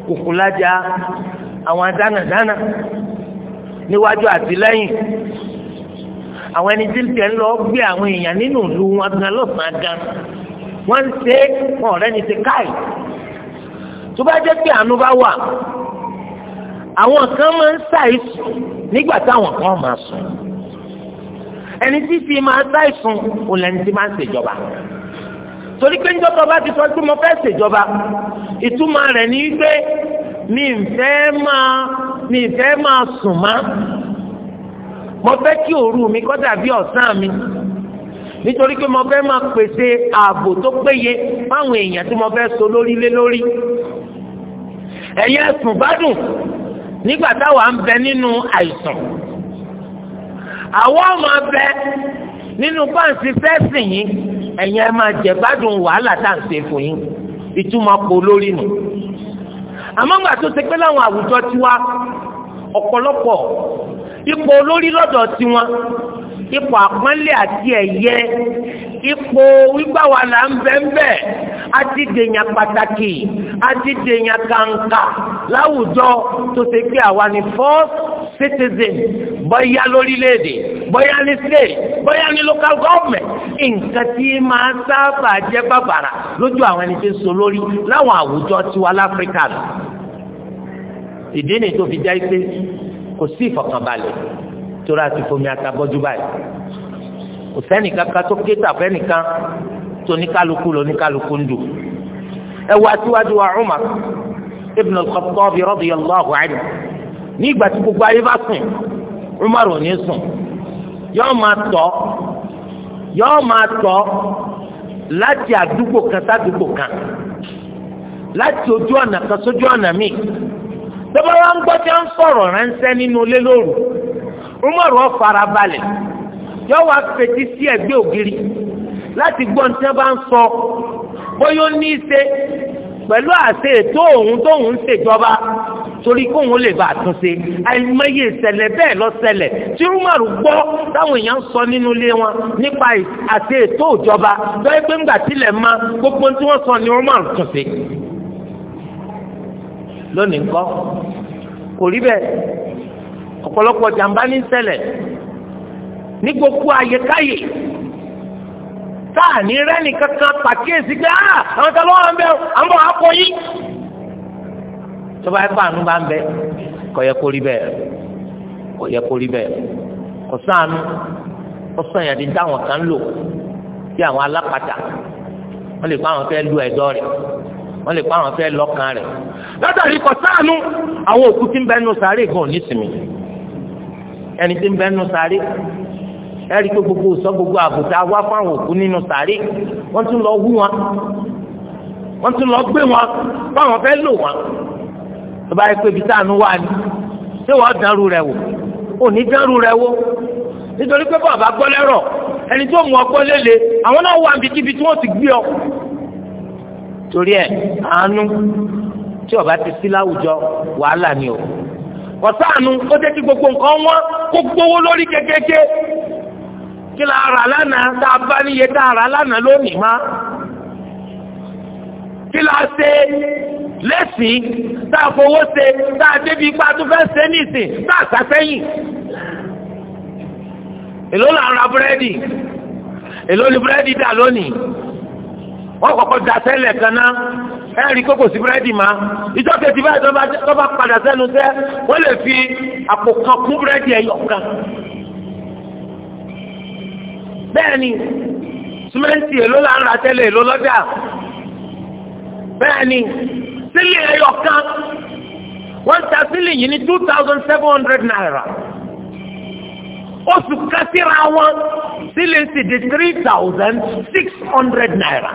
kòkòlájà àwọn adánàdánà níwájú àti lẹ́yìn àwọn ẹni tí ń tẹ̀ lọ gbé àwọn èèyàn nínú ìlú wọn gan lọ́sàn-án gan wọ́n ń ṣe wọn ọ̀rẹ́ ni ti káì tó bá jẹ́ pé àánú bá wà àwọn kan máa ń ṣàìsùn nígbà táwọn kan máa sùn ẹni tí fi máa ṣàìsùn òun lẹni tí máa ń ṣèjọba torí pé níjọba bá ti sọ pé mo fẹ́ ṣèjọba ìtumọ̀ rẹ̀ ni wípé mi ń fẹ́ máa mi ń fẹ́ máa sùn máa mo fẹ́ kí òru mi kó dàbí ọ̀sán mi nítorí pé mo fẹ́ máa pèsè ààbò tó péye fáwọn èèyàn tí mo fẹ́ so lórí lé lórí ẹ̀yin ẹ̀sùn gbádùn nígbà táwa ń bẹ nínú àìsàn àwọn ọmọ abẹ nínú pàǹsí fẹ́sìn yìí ẹ̀yin ẹ̀ máa jẹ gbádùn wàhálà tá à ń ṣe fún yín ìtumọ̀ kò lórí nù àmọ́ ńgbà tó ṣe pé láwọn àwùjọ tiwa ọ̀pọ̀lọpọ̀ ipò olórí lọ́dọ̀ tiwọn ipò àpọ́nlé àti ẹ̀yẹ ipò Ipo là ń bẹ́ ń bẹ́ a pàtàkì a ti láwùjọ tó ṣe pé àwa ni first citizen bóyá lórílẹ̀‐èdè bóyá ní state bóyá ní local government nǹkan tí máa sábà jẹ́ bàbàrà lójú àwọn ẹni tí ń so lórí láwọn àwùjọ tiwa láfíríkà ìdí ni tó fi jẹ́ kò sí ìfọ̀kànbalẹ̀ torí àti fomi àtàbọ́jú báyìí kò sẹ́nìkan ká tó ké tàbí ẹnìkan tó oníkálukú lọ oníkálukú ń dù ẹ wá síwájú wa Umar ibn al-Khattab radiyallahu anhu ní ìgbà tí gbogbo ayé bá sùn Umar ní sùn yóò máa tọ̀ yóò máa tọ̀ láti àdúgbò kan sádùgbò kan láti ojú ọ̀nà kan sójú ọ̀nà míì tọ́ba wa ń gbọ́ tí wọ́n ń sọ̀rọ̀ ránṣẹ́ nínú ilé lóru Umaru ó farabalẹ̀ yọ wá fetí sí ẹ̀gbẹ́ ògiri láti gbọ́ ní tẹ́ bá ń sọ bóyá ó ní í ṣe pẹ̀lú àṣẹ ètò òun tóun ń ṣèjọba torí kóun lè bá àtúnṣe àìmọye ìṣẹ̀lẹ̀ bẹ́ẹ̀ ló ṣẹlẹ̀ tí rúmọ̀rù gbọ́ táwọn èèyàn ń sọ nínú ilé wọn nípa àṣẹ ètò ìjọba lọ́yẹ́ pé ńgbà tilẹ̀ mọ́ gbogbo tí wọ́n sọ ni rúmọ̀rù túnṣe. lónìí ńkọ́ kò rí ọ̀pọ̀lọpọ̀ jàǹbá ní ṣẹlẹ̀ ní gbogbo àyíkáyè táà ní kankan pàkíyèsí pé á àwọn tó lọ́wọ́ ń bẹ àwọn bọ̀ akọ yìí. tó bá yẹ kó àánú bá ń bẹ kò yẹ kó rí kò yẹ kó rí kò sáànù kò dáwọn kan lò wọ́n lè pa àwọn fẹ́ lọ́kàn rẹ̀ látàrí kò sáànù àwọn òkú tí ń bẹ nù sáré gan nísìmí ẹni tí ń bẹ nù sáré ẹ̀rí pé gbogbo sọ gbogbo àbùtá wá fáwọn òkú nínú sáré wọ́n tún lọ wú wọn wọ́n tún lọ gbé wọn báwọn fẹ́ lò wọn tó bá yẹ pé ibi sáànù wà ní ṣé wọ́n dánrù rẹ̀ wò ò ní dánrù rẹ̀ wò nítorí pé bàbá gbọ́ lẹ́rọ̀ ẹni tó mú ọgbọ́n lélẹ̀ àwọn náà wà níbikíbi tí wọ́n ti gbé ọ torí ẹ àánú tí ọba ti sí láwùjọ wàhálà ni o ọ̀sánù ó jẹ́ kí gbogbo nǹkan wọn kó gbówó lórí kékeré kí la rà lánàá tá a bá níye tá a rà lánàá lónìí má kí la ṣe lẹ́sìn tá a fowó ṣe tá a débi ipá tó fẹ́ ṣe nísìn tá a sàṣẹ́yìn èló là ń ra búrẹ́dì èló ni búrẹ́dì dà lónìí wọ́n kọ́kọ́ da sẹ́lẹ̀ kan náà ẹ rí kókò sí búrẹ́dì ma ìjọ kejì báyìí tó bá padà sẹ́nu sẹ́ wọ́n lè fi àpò kan kún búrẹ́dì ẹ̀yọ̀ kan. bẹ́ẹ̀ni sìmẹ́ǹtì èló là ń ra tẹ́lẹ̀ èló lọ́jà bẹ́ẹ̀ni sílẹ̀ ẹ̀yọ̀ kan wọ́n ta sílẹ̀ yìí ní two thousand seven hundred naira oṣù kan síra wọn sílẹ̀ sí di three thousand six hundred naira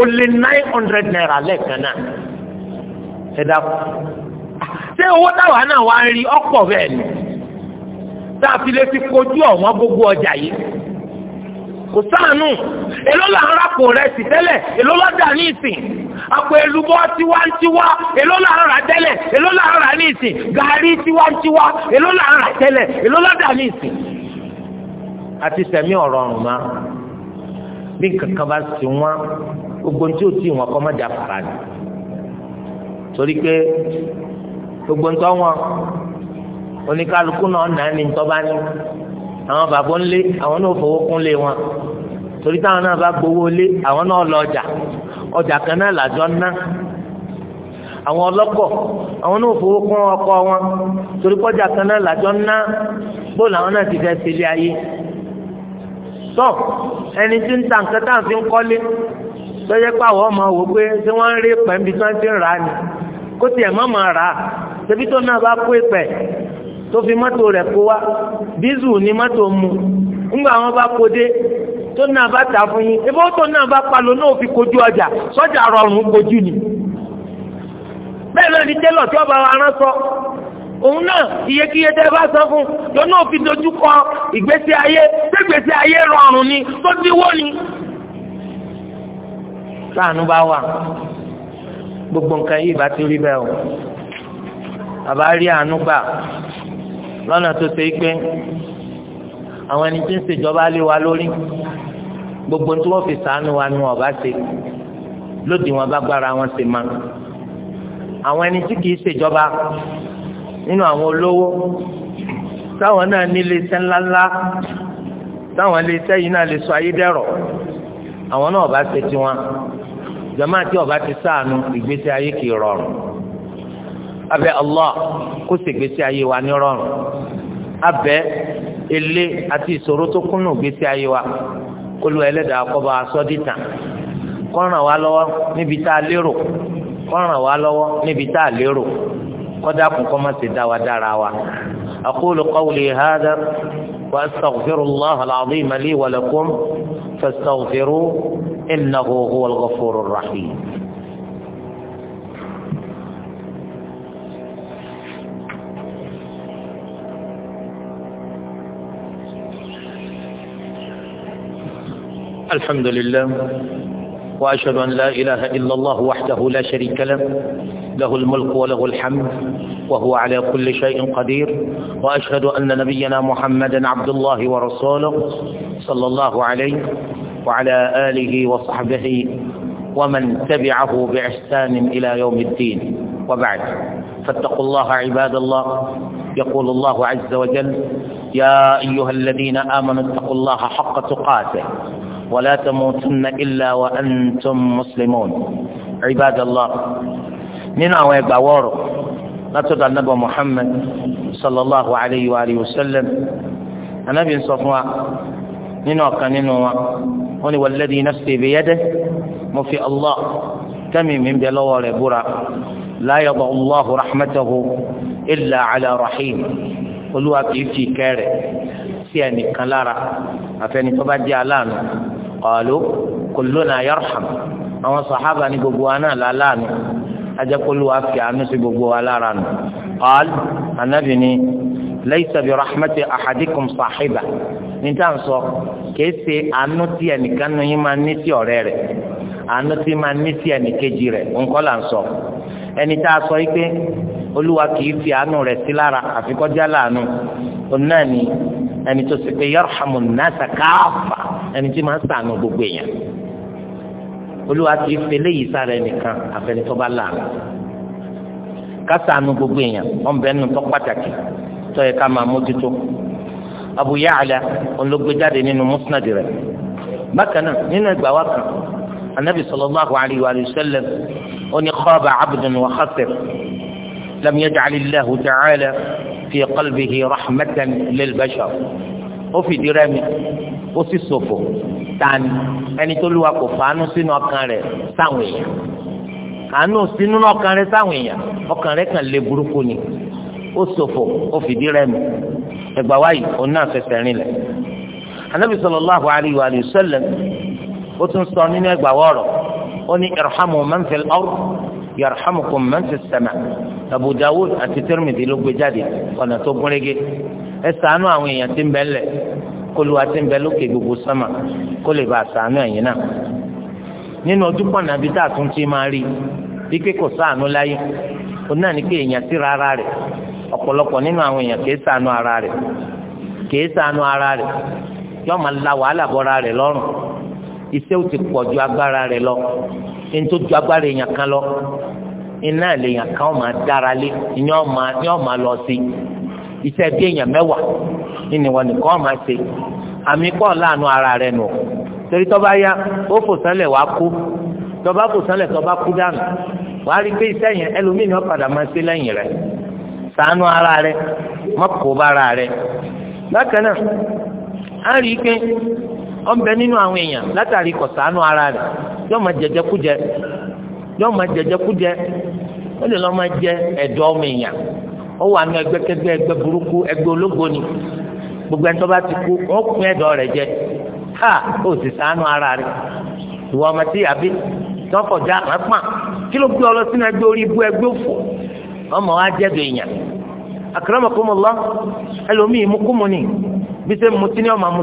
only nine hundred naira lẹ́ẹ̀kan náà ẹ dákun ṣé owó táwa náà wá ń rí ọ̀pọ̀ bẹ́ẹ̀ ni tá a fi lè fi kojú ọ̀wọ́n gbogbo ọjà yìí. kò sáànù èló là ń rakùn rẹ̀ sí tẹ́lẹ̀ èló ní ìsìn àpò èlùbọ́ tiwantiwa èló là ń tẹ́lẹ̀ èló là ń rà ní ìsìn tiwantiwa èló là ń rà tẹ́lẹ̀ èló ní ìsìn. àti sẹ̀mí ọ̀rọ̀ ọ̀rùn ma bí kankan bá sì tí ò tí wọn kọ́ fara ni torí pé gbogbo wọn oníkálukú náà nà ní ntọ́ bá ní. àwọn bàbá ńlé àwọn náà fowó kún lé wọn torí táwọn náà bá gbowó lé àwọn náà lọ ọjà ọjà kan náà làjọ ná àwọn ọlọ́kọ̀ àwọn náà fowó kún ọkọ wọn torí kọjá kan náà làjọ ná bó làwọn náà ti fẹ́ sílé ayé tọ́ ẹni tí ń ta nǹkan tá à ń fi ń kọ́lé lọ́jọ́ pé àwọn ọmọ wò pé tí wọ́n ń rí pẹ̀mí tí wọ́n ti ń rà á ni kó tiẹ̀ má máa rà ṣebí tó náà bá kó ìpẹ́ tó fi mọ́tò rẹ̀ kó wá dísù ni mọ́tò mu ńgbà wọn bá kó dé tó náà bá tà fún yín ebó tó náà bá palo náà fi kojú ọjà sọ́jà rọrùn kojú ni bẹ́ẹ̀ náà ni tẹ́lọ̀ tí ọba wa rán sọ òun náà iyekíye tẹ́ bá san fún lọ́nà òfin dojú kọ ìgbésí ayé tẹ́gbésí ayé rọrùn ni tó ti wó ni. sáànù bá wà gbogbo nǹkan yìí bá ti rí bẹ́ẹ̀ o bàbá rí àánú gbà lọ́nà tó ṣe pé àwọn ẹni tí ń ṣèjọba lé wa lórí gbogbo tí wọ́n fi sàánú wa ni wọ́n bá ṣe lóde wọn bá gbára wọn ṣe máa àwọn ẹni tí kìí ṣèjọba nínú àwọn olówó táwọn náà nílé iṣẹ́ ńláńlá táwọn ilé iṣẹ́ yìí náà lè sọ ayédẹ̀rọ̀ àwọn náà ọba ṣe tiwọn jọmọ àti ọba ti ṣàánú ìgbésí ayé kìí rọrùn abẹ Allah kó ṣègbésí ayé wa ní rọrùn abẹ ilé àti ìṣòro tó kúnnù gbésí ayé wa olú ẹlẹ́dàá kọba sọ́dítà kọ́ràn wá lọ́wọ́ níbi tá a lérò kọ́ràn wá lọ́wọ́ níbi tá a lérò kọ́dà kún kọ́ má ṣe dá wa dára wa. أقول قولي هذا وأستغفر الله العظيم لي ولكم فاستغفروه إنه هو الغفور الرحيم الحمد لله وأشهد أن لا إله إلا الله وحده لا شريك له له الملك وله الحمد وهو على كل شيء قدير وأشهد أن نبينا محمدا عبد الله ورسوله صلى الله عليه وعلى آله وصحبه ومن تبعه بإحسان إلى يوم الدين وبعد فاتقوا الله عباد الله يقول الله عز وجل يا أيها الذين آمنوا اتقوا الله حق تقاته ولا تموتن إلا وأنتم مسلمون عباد الله نينا ويقاورو لا تدع النبي محمد صلى الله عليه وآله وسلم النبي صفوا من وكان نينا والذي نفسي بيده مفي الله كم من بلور برا لا يضع الله رحمته إلا على رحيم قلوا كيف كاره sí ẹnìkan lára àfẹni tó bá jẹ́ aláàánú qalu kulluna yarham àwọn sàhábà ní gbogbo wa náà láàánú ajẹ́kọ́lù wa fi àánú sí gbogbo wa lára nù qal anabi ni laysa bi rahmati ahadikum sahiba ní tá à ń sọ kìí ṣe àánú tí ẹnìkan nu máa ní sí ọ̀rẹ́ rẹ̀ àánú tí máa ní sí ẹnìkejì rẹ̀ nǹkan là ń sọ ẹni tá a sọ yìí pé olúwa kì í fi àánú rẹ̀ sí lára àfikọ́jà láàánú òun ni ẹni tó sì pé yarhamu nasa káfà ẹni tí máa ń ṣàánú gbogbo èèyàn olúwa kì í fi eléyìí sára ẹnìkan àfẹnitọ́ bá láàánú ká ṣàánú gbogbo èèyàn wọn bẹ nínú tó pàtàkì tó yẹ ká máa mójútó Abu Ya'la òun jáde nínú musnad rẹ̀ bákan náà nínú ìgbà wa kan. النبي صلى الله عليه وآله وسلم أن خاب عبد وخسر لم يجعل الله تعالى في قلبه رحمة للبشر وفي درامي وفي الصفو tani ẹni tó lùwà kò fàánú sínú ọkàn rẹ̀ sáwọn èèyàn àánú sínú ọkàn rẹ̀ sáwọn èèyàn ọkàn rẹ̀ kàn lè burúkú ni ó ṣòfò ó fìdí rẹmi ẹgbà wáyé òun náà fẹsẹ̀ rìn lẹ̀ anabi sallallahu alayhi wa sallam ó tún sọ nínú ẹgbà wọ́ọ̀rọ̀ ó ní irhamu man fil ard yarhamukum man fis sama Abu àti Tirmidhi ló gbé jáde ọ̀nà tó gúnrégé ẹ àwọn èèyàn ń kó lu àti ń lókè gbogbo kó lè bá náà nínú nàbí tá a tún ti máa rí bí pé kò ṣàánú láyé òun náà ní pé èèyàn síra ara rẹ̀ ọ̀pọ̀lọpọ̀ nínú àwọn èèyàn kì í ara rẹ̀ kì iṣẹ́ ò ti pọ̀ ju agbára rẹ̀ lọ ẹni ju agbára èèyàn kan lọ iná lèèyàn kan máa dára lé ni ọ̀ máa ni ọ̀ máa lọ sí iṣẹ́ bí èèyàn mẹ́wàá ni wọ́n nìkan máa ṣe àmì pọ̀ láàánú ara rẹ̀ nù torí tọ́ba yá ó fò sánlẹ̀ wá kú tọ́ba fò sánlẹ̀ tọ́ba kú dànù wàá rí pé iṣẹ́ yẹn ẹlòmíì ni wọ́n padà máa ṣe lẹ́yìn ọ̀nbẹ nínú àwọn èèyàn látàrí kọ̀sánú ara rẹ̀ yóò máa jẹjẹ jẹ yóò máa jẹjẹ kújẹ ó lè lọ́ máa jẹ ẹ̀dọ̀ ọmọ èèyàn ó wà nù ẹgbẹ́ ẹgbẹ́ gbogbo ẹni tó bá ti kú ó rẹ̀ ha ó sì sánú ara rẹ̀ ìwọ ọmọ tí yàbí tọkọjá àpá kí ló gbé ọ lọ sínú ẹgbẹ́ orí ibú ẹgbẹ́ òfò ọmọ wa èèyàn ẹlòmíì mú ni bí sẹ́ mu ọmọ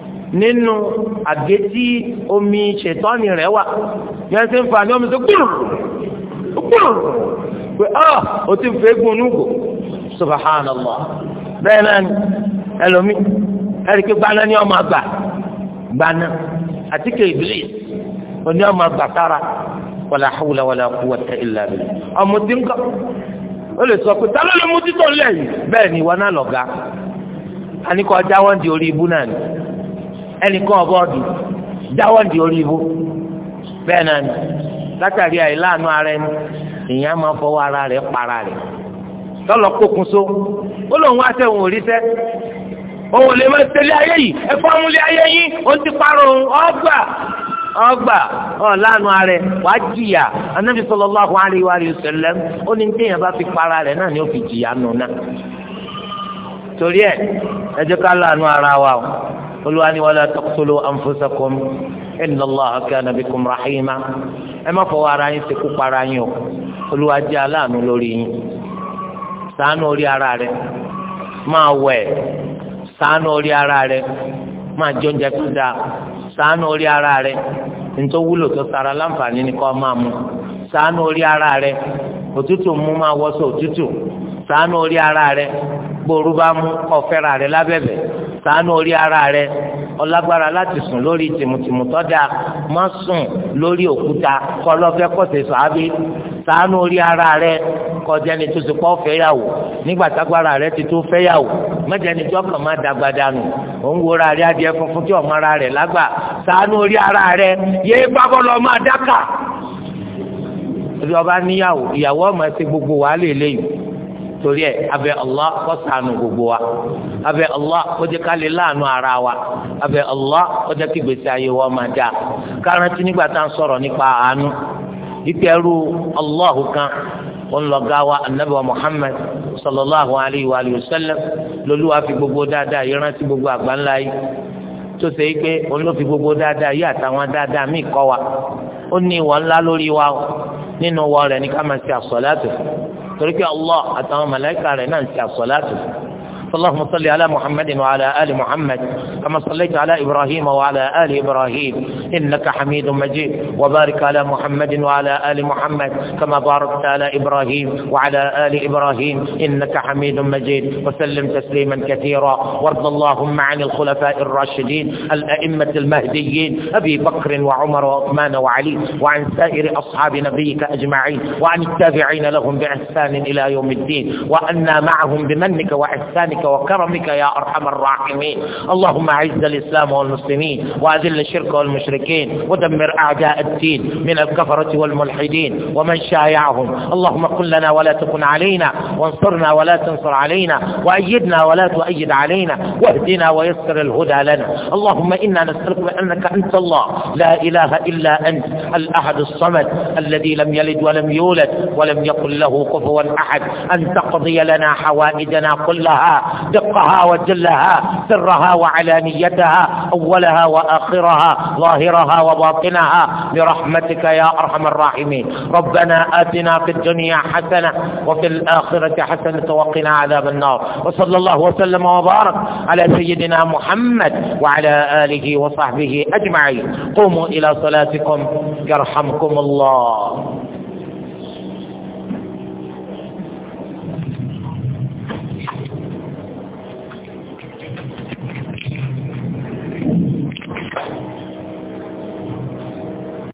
nínú àgétí omi ṣètọ́ni rẹ̀ wà yẹn ti ń fa ní omi tó gbúrú gbúrú pé ọ́ o ti fẹ́ gun onúgò subhanallah bẹ́ẹ̀ náà ni ẹlòmí ẹ̀rí pé gbaná ni ọmọ àgbà gbaná àtikè iblis oní ọmọ àgbà tára wàlá hawla wàlá quwwata illa billah ọmọ tí ń kọ́ ó lè sọ pé ta ló lè mú títọ́ lẹ́yìn bẹ́ẹ̀ ni wọn náà lọ̀gá àníkọ́ ọjà wọn di orí ibú náà ni. ẹnìkan ọ̀bọ̀ọ̀dù dáwọ́ di orí ibú bẹ́ẹ̀ náà ni látàrí àìláàánú ara ẹni èèyàn máa fọwọ́ ara rẹ̀ para rẹ̀ tọ́lọ̀ kókun so ó lóun wá sẹ́wọ̀n òrìṣẹ́ òun lè máa tẹ̀lé ayé yìí ẹ̀fọ́ amúlé ayé yín ó ti parọ́ ọgbà ọgbà wàá jìyà anábì ó ní téèyàn bá fi para rẹ̀ torí ẹ jẹ́ ká láàánú olúwa ni wala taqtulu anfusakum inna Allaha kana bikum rahima ẹ má fọwọ́ ara yín ṣekú para yín o olúwa jẹ́ aláàánú lórí yín ṣàánú orí ara rẹ máa wẹ̀ ṣàánú orí ara rẹ máa jẹ oúnjẹ tó dáa orí ara rẹ nítorí wúlò tó sara láǹfààní ni kò máa mu ṣàánú orí ara rẹ òtútù mú máa wọṣọ òtútù ṣàánú orí ara rẹ gbòòrò bá mú ọ̀fẹ́ra rẹ̀ lábẹ́bẹ̀ ṣàánú orí ara rẹ̀ ọlágbára láti sùn lórí tìmùtìmù tọ́da má sùn lórí òkúta kọlọ́fẹ́ kọ̀sẹ̀ sàábí ṣàánú orí ara rẹ̀ kọjá ni tó ti pọ́ fẹ́yàwó nígbà tágbára rẹ̀ ti tó fẹ́yàwó mẹ́jẹ ni jọ́kàn má dàgbà dànù òun wòra rẹ̀ adìẹ funfun tí ọmọ ara rẹ̀ lágbà ṣàánú orí ara rẹ̀ yé bábọ́lọ́ máa dákà ìjọba níyàwó ìyàwó ọmọ ẹsẹ gbogbo wàhálà eléyìí torí ẹ abẹ Allah kó ṣàánú gbogbo wa abẹ Allah kó jẹ́ ká lè láàánú ara wa abẹ Allah kó jẹ́ kí gbèsè ayé wa máa dà kárántì nígbà tá à ń sọ̀rọ̀ nípa àánú ìpẹrù Allahu kan wọn wa anabi wa Muhammad sallallahu alayhi wa sallam lolúwa fi gbogbo dáadáa yìí rántí gbogbo àgbáńlá yìí tó ṣe é pé òun ló fi gbogbo dáadáa yìí àtàwọn dáadáa míì kọ́ wa ó ní ìwọ ńlá lórí wa nínú wọ rẹ ní ká máa ṣe àsọlátù fún torí pé Allah àtàwọn màláíkà rẹ̀ náà ń ṣe àsọ̀látù fún un. فاللهم صل على محمد وعلى آل محمد كما صليت على إبراهيم وعلى آل إبراهيم إنك حميد مجيد وبارك على محمد وعلى آل محمد كما باركت على إبراهيم وعلى آل إبراهيم إنك حميد مجيد وسلم تسليما كثيرا وارض اللهم عن الخلفاء الراشدين الأئمة المهديين أبي بكر وعمر وعثمان وعلي وعن سائر أصحاب نبيك أجمعين وعن التابعين لهم بإحسان إلى يوم الدين وأنا معهم بمنك وإحسانك جلالك وكرمك يا أرحم الراحمين اللهم أعز الإسلام والمسلمين وأذل الشرك والمشركين ودمر أعداء الدين من الكفرة والملحدين ومن شايعهم اللهم كن لنا ولا تكن علينا وانصرنا ولا تنصر علينا وأيدنا ولا تؤيد علينا واهدنا ويسر الهدى لنا اللهم إنا نسألك بأنك أنت الله لا إله إلا أنت الأحد الصمد الذي لم يلد ولم يولد ولم يكن له كفوا أحد أن تقضي لنا حوائجنا كلها دقها وجلها سرها وعلانيتها أولها وآخرها ظاهرها وباطنها برحمتك يا أرحم الراحمين ربنا آتنا في الدنيا حسنة وفي الآخرة حسنة وقنا عذاب النار وصلى الله وسلم وبارك على سيدنا محمد وعلى آله وصحبه أجمعين قوموا إلى صلاتكم يرحمكم الله